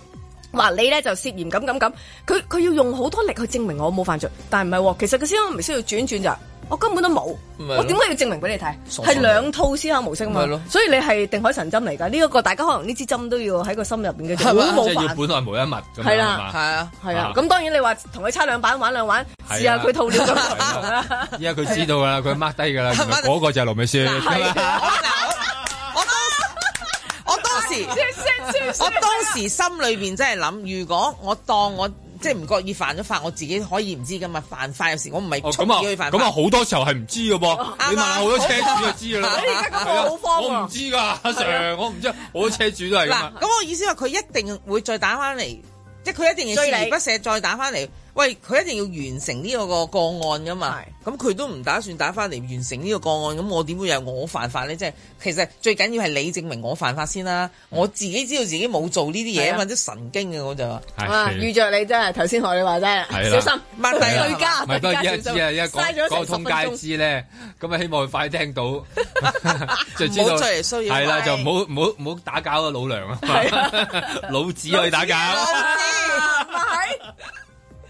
話你咧就涉嫌咁咁咁，佢佢要用好多力去證明我冇犯罪，但係唔係喎，其實佢思考唔需要轉轉咋，我根本都冇，我點解要證明俾你睇？係兩套思考模式啊嘛，所以你係定海神針嚟噶，呢一個大家可能呢支針都要喺個心入邊嘅，係嘛，即係要本來冇一物，係啦，係啊，係啊，咁當然你話同佢差兩版玩兩玩，試下佢套料都唔同啦，依家佢知道噶啦，佢 mark 低噶啦，嗰個就係盧美宣。我當時心裏邊真係諗，如果我當我即係唔覺意犯咗法，我自己可以唔知噶嘛？犯法有時我唔係故意去犯，咁啊好、啊、多時候係唔知噶噃。啊、你問好多車主就知㗎啦。嗱，而家咁我好慌啊！我唔知噶，阿 Sir，我唔知，好多車主都係咁。我意思話，佢一定會再打翻嚟，即係佢一定鍥而不捨再打翻嚟。喂，佢一定要完成呢個個案㗎嘛？咁佢都唔打算打返嚟完成呢個個案，咁我點會有我犯法咧？即係其實最緊要係你證明我犯法先啦，我自己知道自己冇做呢啲嘢啊嘛，都神經嘅我就話啊預着你真係頭先學你話齋，小心，唔好去家，唔係都一知啊，一講講通皆知咧，咁啊希望快聽到，就知道係啦，就唔好唔好唔好打攪啊老娘啊，老子去打攪，老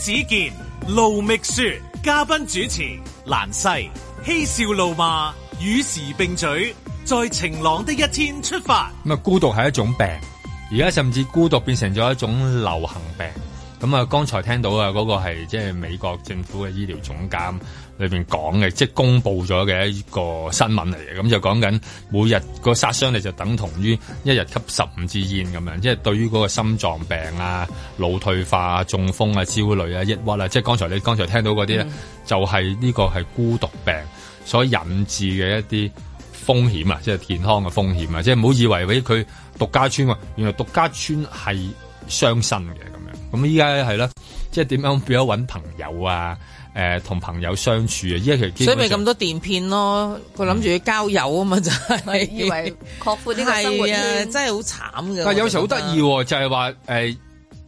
子健、盧覓雪，嘉賓主持蘭西，嬉笑怒罵，與時並舉，在晴朗的一天出發。咁啊，孤獨係一種病，而家甚至孤獨變成咗一種流行病。咁啊！剛才聽到啊，嗰個係即係美國政府嘅醫療總監裏邊講嘅，即係公布咗嘅一個新聞嚟嘅。咁就講緊每日嗰個殺傷力就等同於一日吸十五支煙咁樣，即係對於嗰個心臟病啊、腦退化啊、中風啊、焦慮啊、抑鬱啊，即係剛才你剛才聽到嗰啲咧，嗯、就係呢個係孤獨病所引致嘅一啲風險啊，即係健康嘅風險啊，即係唔好以為喂佢獨家村喎，原來獨家村係傷身嘅。咁依家係啦，即係點樣變咗揾朋友啊？誒、呃，同朋友相處啊！依家其實所以咪咁多電片咯，佢諗住去交友啊嘛，就係、是、因、嗯、 為擴闊啲生活圈、啊，嗯、真係好慘噶。但有時好、啊、得意、啊，就係話誒，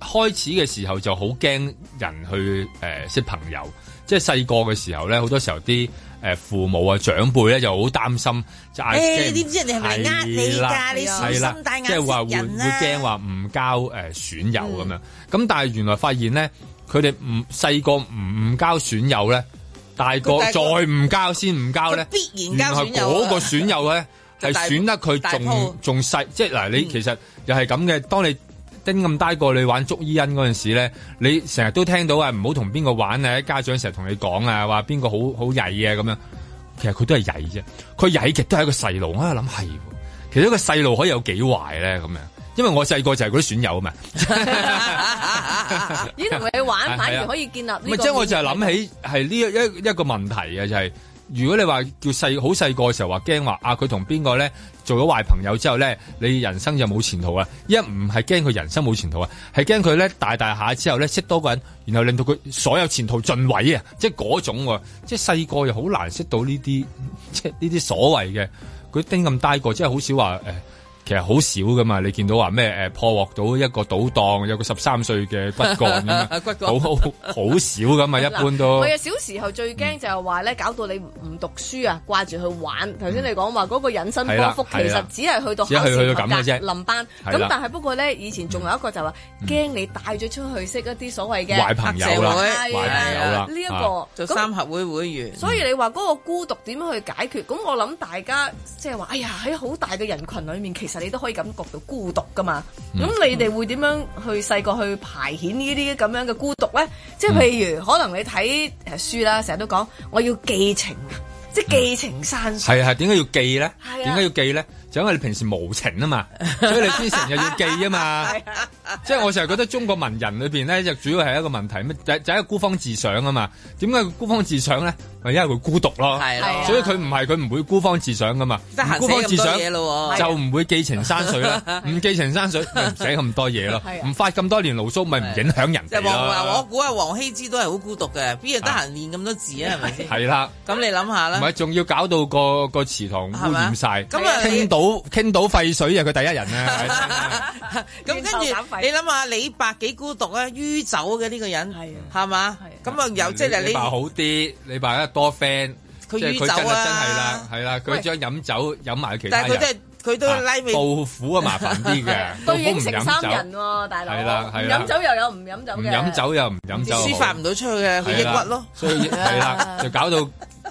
開始嘅時候就好驚人去誒、呃、識朋友，即係細個嘅時候咧，好多時候啲。誒父母啊，長輩咧就好擔心，誒你點知人哋係咪呃你㗎？你小心帶眼識人啦，即係話人會驚話唔交誒損友咁樣。咁但係原來發現咧，佢哋唔細個唔唔交損友咧，大個再唔交先唔交咧，必然交損友。嗰個損友咧係選得佢仲仲細，即係嗱你其實又係咁嘅，當你。跟咁低個你玩捉伊恩嗰陣時咧，你成日都聽到啊，唔好同邊個玩啊！家長成日同你講啊，話邊個好好曳啊咁樣。其實佢都係曳啫，佢曳極都係一個細路。我喺度諗係，其實一個細路可以有幾壞咧咁樣。因為我細個就係嗰啲損友啊嘛。咦？同佢玩，反而可以建立。即係我就係諗起係呢一一個問題啊，就係、是、如果你話叫細好細個嘅時候話驚話啊，佢同邊個咧？做咗壞朋友之後咧，你人生就冇前途啊！一唔係驚佢人生冇前途啊，係驚佢咧大大下之後咧識多個人，然後令到佢所有前途盡毀啊！即係嗰種，即係細個又好難識到呢啲，即係呢啲所謂嘅，佢叮咁大個，即係好少話誒。其實好少噶嘛，你見到話咩誒破獲到一個賭檔，有個十三歲嘅骨幹，好好少噶嘛，一般都係啊。我嘅小時候最驚就係話咧，搞到你唔讀書啊，掛住去玩。頭先你講話嗰個隱身幫幅，其實只係去到去到咁嘅啫。林班。咁但係不過咧，以前仲有一個就話驚你帶咗出去識一啲所謂嘅壞朋友呢一個就三合會會員。所以你話嗰個孤獨點樣去解決？咁我諗大家即係話，哎呀喺好大嘅人群裏面，其其實你都可以感覺到孤獨噶嘛，咁、嗯、你哋會點樣去細個去排遣這這呢啲咁樣嘅孤獨咧？即係譬如、嗯、可能你睇成、呃、書啦，成日都講我要寄情，嗯、即係寄情山水。係啊，點解要寄咧？點解的要寄咧？就因為你平時無情啊嘛，所以你先成日要記啊嘛。即係我成日覺得中國文人裏邊咧，就主要係一個問題，就就係孤芳自賞啊嘛。點解孤芳自賞咧？係因為佢孤獨咯。所以佢唔係佢唔會孤芳自賞噶嘛。唔孤芳自賞嘢咯，就唔會寄情山水啦。唔寄情山水咪唔寫咁多嘢咯。唔發咁多年牢騷咪唔影響人。我估啊，王羲之都係好孤獨嘅。邊度得閒練咁多字啊？係咪先？係啦。咁你諗下啦。唔係仲要搞到個個池塘污染晒。咁啊聽到。傾到廢水啊！佢第一人啊！咁跟住你諗下，李白幾孤獨啊？酗酒嘅呢個人係啊，係嘛？咁啊，有即係呢？李白好啲，李白多 friend。佢於酒啊，係啦，係啦。佢將飲酒飲埋其實。但係佢即係佢都拉尾，杜甫啊麻煩啲嘅。杜甫唔飲酒。三個人喎，大佬。係啦，係啦。唔飲酒又有唔飲酒嘅。唔飲酒又唔飲酒。抒發唔到出去嘅，佢抑鬱咯。所以係啦，就搞到。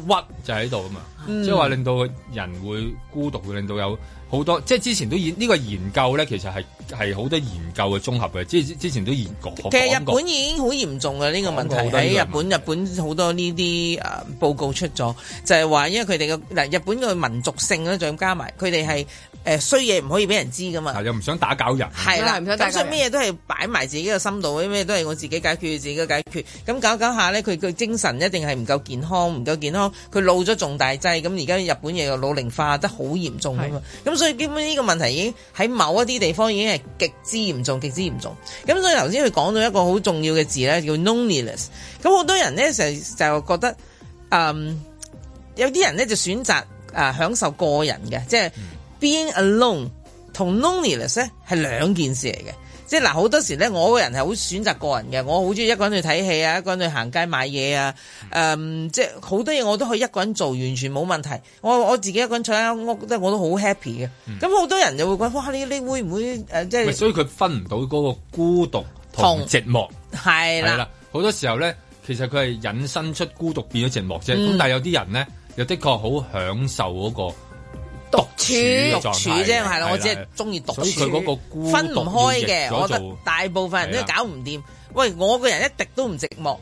屈就喺度啊嘛，即係話令到人會孤獨，令到有。好多即係之前都研呢個研究咧，其實係係好多研究嘅綜合嘅。即係之前都研究。其實日本已經好嚴重嘅呢個問題喺日本，日本好多呢啲誒報告出咗，就係話因為佢哋嘅嗱日本嘅民族性咧，再加埋佢哋係誒衰嘢唔可以俾人知噶嘛，啊、又唔想打攪人，係啦的，咁所以咩嘢都係擺埋自己嘅心度，咩都係我自己解決自己嘅解決。咁搞搞下咧，佢佢精神一定係唔夠健康，唔夠健康，佢老咗仲大劑。咁而家日本嘢又老齡化得好嚴重咁。的的所以基本呢個問題已經喺某一啲地方已經係極之嚴重，極之嚴重。咁所以頭先佢講到一個好重要嘅字咧，叫 loneliness。咁好多人咧成就，就覺得，嗯，有啲人咧就選擇啊、呃、享受個人嘅，即係 being alone 同 loneliness 咧係兩件事嚟嘅。即係嗱，好多時咧，我個人係好選擇個人嘅，我好中意一個人去睇戲啊，一個人去行街買嘢啊，誒、嗯嗯，即係好多嘢我都可以一個人做，完全冇問題。我我自己一個人坐喺間屋，即係我都好 happy 嘅。咁好、嗯、多人就會講，哇，你你會唔會誒、呃？即係所以佢分唔到嗰個孤獨同寂寞，係同啦，好啦多時候咧，其實佢係引申出孤獨變咗寂寞啫。咁、嗯、但係有啲人咧，又的確好享受嗰、那個。獨處，獨處啫，係啦，我只係鍾意獨處，分唔開嘅。我覺得大部分人都搞唔掂。喂，我個人一滴都唔寂寞，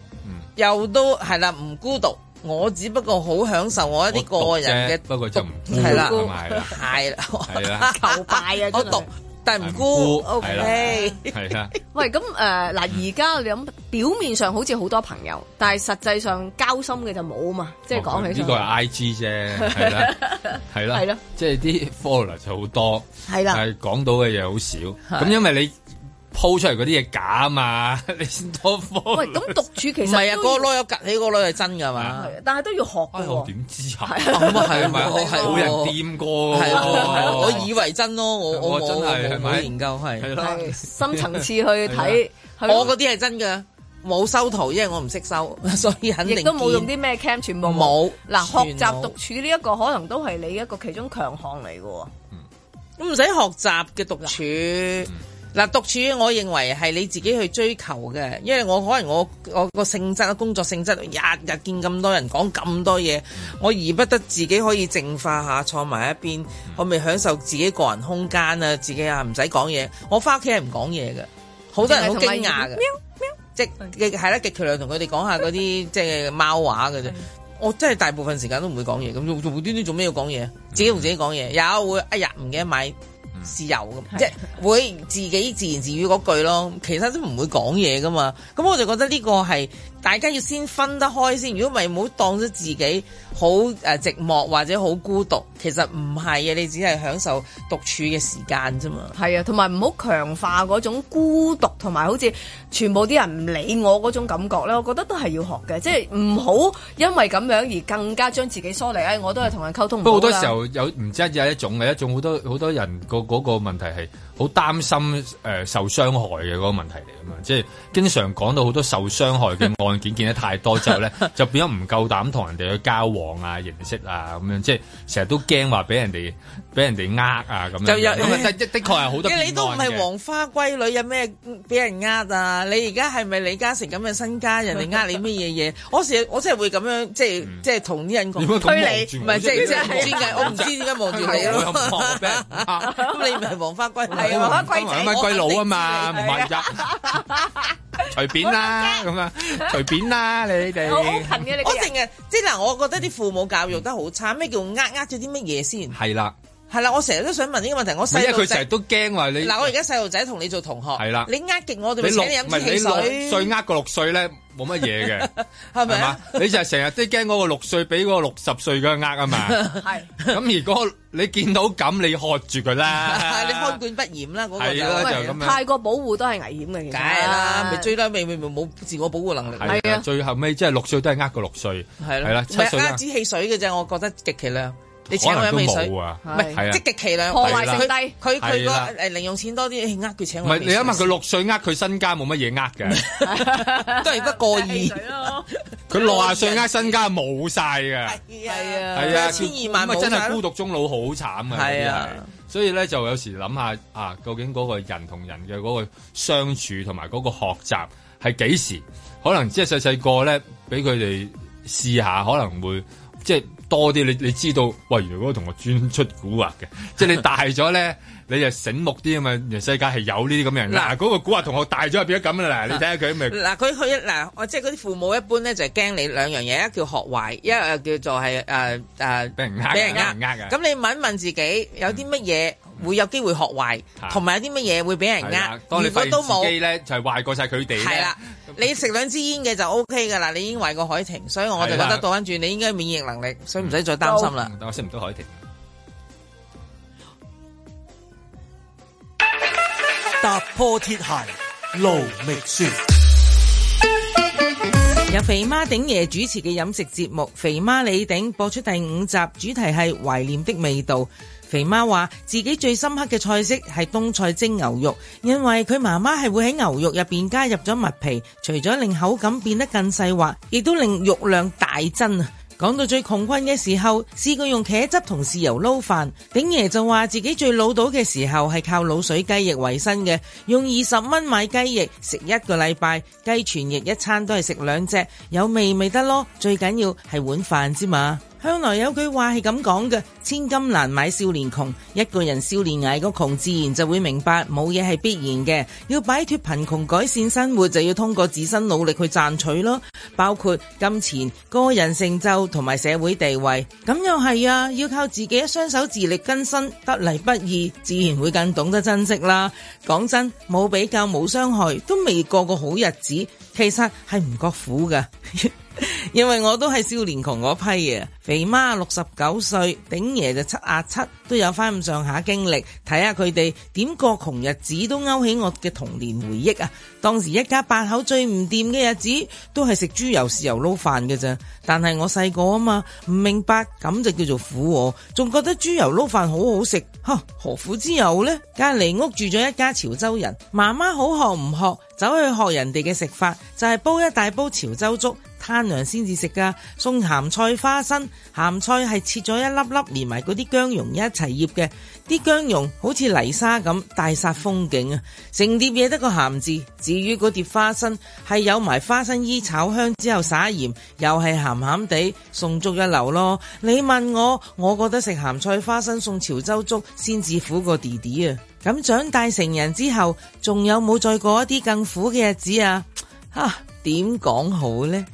又都係啦，唔孤獨。我只不過好享受我一啲個人嘅獨，係啦，同埋啦，係啦，求拜啊！我獨。但係唔孤，OK，係啊。 喂，咁誒，嗱、呃，而家你諗，表面上好似好多朋友， 但係實際上交心嘅就冇啊嘛。即係講起呢個係 IG 啫，係啦，係啦， 係咯。即係啲 follower 就好多，係啦，但係講到嘅嘢好少。咁因為你。鋪出嚟嗰啲嘢假啊嘛，你先多科。喂，咁獨處其實唔係啊，個攞有隔起個攞係真噶嘛？但係都要學。我點知啊？啊係，唔係我係冇人掂過，我以為真咯。我我我研究係，係深層次去睇。我嗰啲係真噶，冇修圖，因為我唔識修。所以肯定亦都冇用啲咩 cam，全部冇。嗱，學習獨處呢一個可能都係你一個其中強項嚟噶。嗯，唔使學習嘅獨處。嗱，獨處，我認為係你自己去追求嘅，因為我可能我我個性質啊，工作性質日日見咁多人講咁多嘢，我而不得自己可以淨化下，坐埋一邊，可唔可以享受自己個人空間啊？自己啊唔使講嘢，我返屋企係唔講嘢嘅，好多人好驚訝嘅，即係啦，極其量同佢哋講下嗰啲即係貓話嘅啫。我真係大部分時間都唔會講嘢，咁做做無端端做咩要講嘢？自己同自己講嘢有，一日唔記得買。是油的咁，即係會自己自言自語嗰句咯。其實都唔會講嘢噶嘛。咁我就覺得呢個係大家要先分得開先。如果咪唔好當咗自己好誒寂寞，或者好孤獨。其實唔係嘅，你只係享受獨處嘅時間啫嘛。係啊，同埋唔好強化嗰種孤獨，同埋好似全部啲人唔理我嗰種感覺咧。我覺得都係要學嘅，即係唔好因為咁樣而更加將自己疏離。我都係同人溝通不。不過好多時候有唔知有一種嘅一種，好多好多人嗰個問題係好擔心誒、呃、受傷害嘅嗰、嗰個問題嚟啊嘛，即係經常講到好多受傷害嘅案件 見得太多之後咧，就變咗唔夠膽同人哋去交往啊、認識啊咁樣，即係成日都驚話俾人哋。俾人哋呃啊咁，就有，即係的確係好多安。你都唔係黃花閨女，有咩俾人呃啊？你而家係咪李嘉誠咁嘅身家，人哋呃你咩嘢嘢？我成日我真係會咁樣，即係即係同啲人講推理唔係，即係即係係我唔知點解望住你咯。咁你唔係黃花閨女，黃花閨女貴老啊嘛，唔係入隨便啦咁啊，隨便啦你哋。我好近嘅你。我成日即，嗱，我覺得啲父母教育得好差。咩叫呃呃咗啲乜嘢先？係啦。係啦，我成日都想問呢個問題。我細路，即係佢成日都驚話你。嗱，我而家細路仔同你做同學。係啦，你呃極我哋咪請你飲支汽水。唔係六歲呃過六歲咧冇乜嘢嘅，係咪？你就係成日都驚嗰個六歲俾嗰個六十歲嘅呃啊嘛。係。咁如果你見到咁，你喝住佢啦，你看管不嚴啦，嗰個就太過保護都係危險嘅，梗係啦，咪最屘未未未冇自我保護能力。係啊，最後尾即係六歲都係呃過六歲。係啦，係啦，七歲啦。唔係呃支汽水嘅啫，我覺得極其靚。你請我汽水啊？唔係即極其量，破壞佢低，佢佢個誒零用錢多啲，呃佢請我。唔係你諗下，佢六歲呃佢身家冇乜嘢呃嘅，都係不過意咯。佢六啊歲呃身家冇晒嘅，係啊，係啊，千二萬冇。真係孤獨終老好慘嘅，所以咧就有時諗下啊，究竟嗰個人同人嘅嗰個相處同埋嗰個學習係幾時？可能即係細細個咧，俾佢哋試下，可能會即係。多啲你你知道，喂，如果個同學專出古惑嘅，即係你大咗咧，你就醒目啲啊嘛，世界係有呢啲咁樣人。嗱，嗰個古惑同學大咗就變咗咁啦，嗱，你睇下佢咪。嗱，佢佢一嗱，我即係嗰啲父母一般咧，就係驚你兩樣嘢，一叫學壞，一係叫做係誒誒俾人呃，俾人呃啊。咁你問一問自己，有啲乜嘢？會有機會學壞，同埋有啲乜嘢會俾人呃？如果都冇，咧就係壞過晒佢哋係啦，的你食兩支煙嘅就 OK 噶啦，你已經壞過海婷，所以我就覺得倒翻轉，你應該免疫能力，所以唔使再擔心啦。嗯嗯。我識唔到海婷。踏破鐵鞋路未熟，由肥媽鼎爺主持嘅飲食節目《肥媽李鼎》播出第五集，主題係懷念的味道。肥媽話自己最深刻嘅菜式係冬菜蒸牛肉，因為佢媽媽係會喺牛肉入邊加入咗麥皮，除咗令口感變得更細滑，亦都令肉量大增。講到最窮困嘅時候，試過用茄汁同豉油撈飯。鼎爺就話自己最老到嘅時候係靠滷水雞翼為生嘅，用二十蚊買雞翼食一個禮拜，雞全翼一餐都係食兩隻，有味咪得咯，最緊要係碗飯之嘛。向來有句話係咁講嘅：千金難買少年窮。一個人少年捱過窮，自然就會明白冇嘢係必然嘅。要擺脫貧窮，改善生活，就要通過自身努力去賺取咯。包括金錢、個人成就同埋社會地位，咁又係啊！要靠自己一雙手自力更生，得嚟不易，自然會更懂得珍惜啦。講真，冇比較冇傷害，都未過過好日子。其實係唔覺苦嘅， 因為我都係少年窮嗰批啊。肥媽六十九歲，頂爺就七啊七，都有翻咁上下經歷。睇下佢哋點過窮日子，都勾起我嘅童年回憶啊！當時一家八口最唔掂嘅日子，都係食豬油、豉油撈飯嘅咋。但係我細個啊嘛，唔明白咁就叫做苦，仲覺得豬油撈飯好好食。呵何苦之有呢？隔籬屋住咗一家潮州人，媽媽好學唔學，走去學人哋嘅食法，就係煲一大煲潮州粥，攤涼先至食噶。送鹹菜花生，鹹菜係切咗一粒粒，連埋嗰啲薑蓉一齊醃嘅。啲薑蓉好似泥沙咁，大殺風景啊！成碟嘢得個鹹字。至於嗰碟花生，係有埋花生衣炒香之後撒鹽，又係鹹鹹地，送粥一流咯。你問我，我覺得食鹹菜花生送潮州粥先至苦過弟弟啊！咁長大成人之後，仲有冇再過一啲更苦嘅日子啊？哈，點講好呢？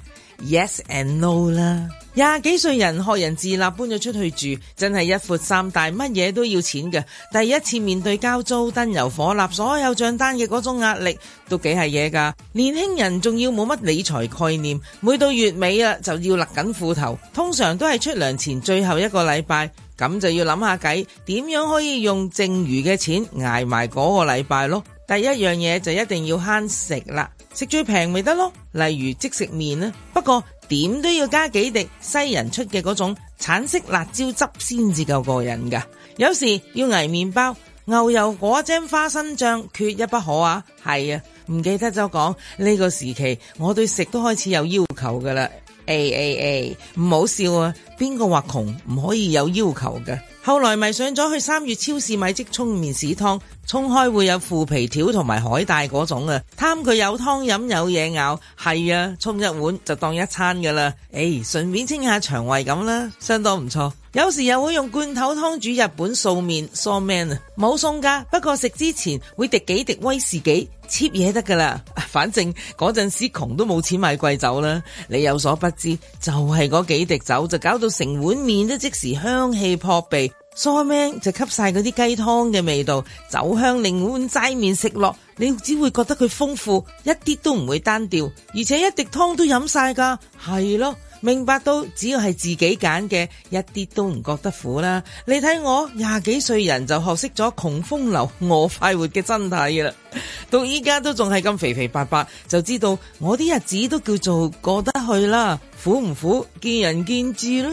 Yes and no 啦。廿幾歲人學人自立，搬咗出去住，真係一闊三大，乜嘢都要錢嘅。第一次面對交租、燈油火蠟所有賬單嘅嗰種壓力，都幾係嘢噶。年輕人仲要冇乜理財概念，每到月尾啊就要勒緊褲頭，通常都係出糧前最後一個禮拜，咁就要諗下計，點樣可以用剩餘嘅錢挨埋嗰個禮拜咯。第一樣嘢就一定要慳食啦，食最平咪得咯，例如即食麵啊。不過，點都要加幾滴西人出嘅嗰種橙色辣椒汁先至夠過癮噶，有時要捱麵包、牛油裹一樽花生醬，缺一不可啊！係啊，唔記得就講呢個時期，我對食都開始有要求噶啦。誒誒誒，唔好笑啊！邊個話窮唔可以有要求嘅？後來咪上咗去三月超市買即沖麵豉湯。沖開會有腐皮條同埋海帶嗰種啊，貪佢有湯飲有嘢咬，係啊，沖一碗就當一餐噶啦，誒、欸，順便清下腸胃咁啦，相當唔錯。有時又會用罐頭湯煮日本素麵，so man 啊，冇餸噶，不過食之前會滴幾滴威士忌，切嘢得噶啦，反正嗰陣時窮都冇錢買貴酒啦。你有所不知，就係、是、嗰幾滴酒就搞到成碗麵都即時香氣撲鼻。嗦咩、so、就吸晒嗰啲雞湯嘅味道，酒香令碗齋麵食落，你只會覺得佢豐富，一啲都唔會單調，而且一滴湯都飲晒噶，係咯，明白到只要係自己揀嘅，一啲都唔覺得苦啦。你睇我廿幾歲人就學識咗窮風流我快活嘅真諦啦， 到依家都仲係咁肥肥白白，就知道我啲日子都叫做過得去啦，苦唔苦見仁見智啦。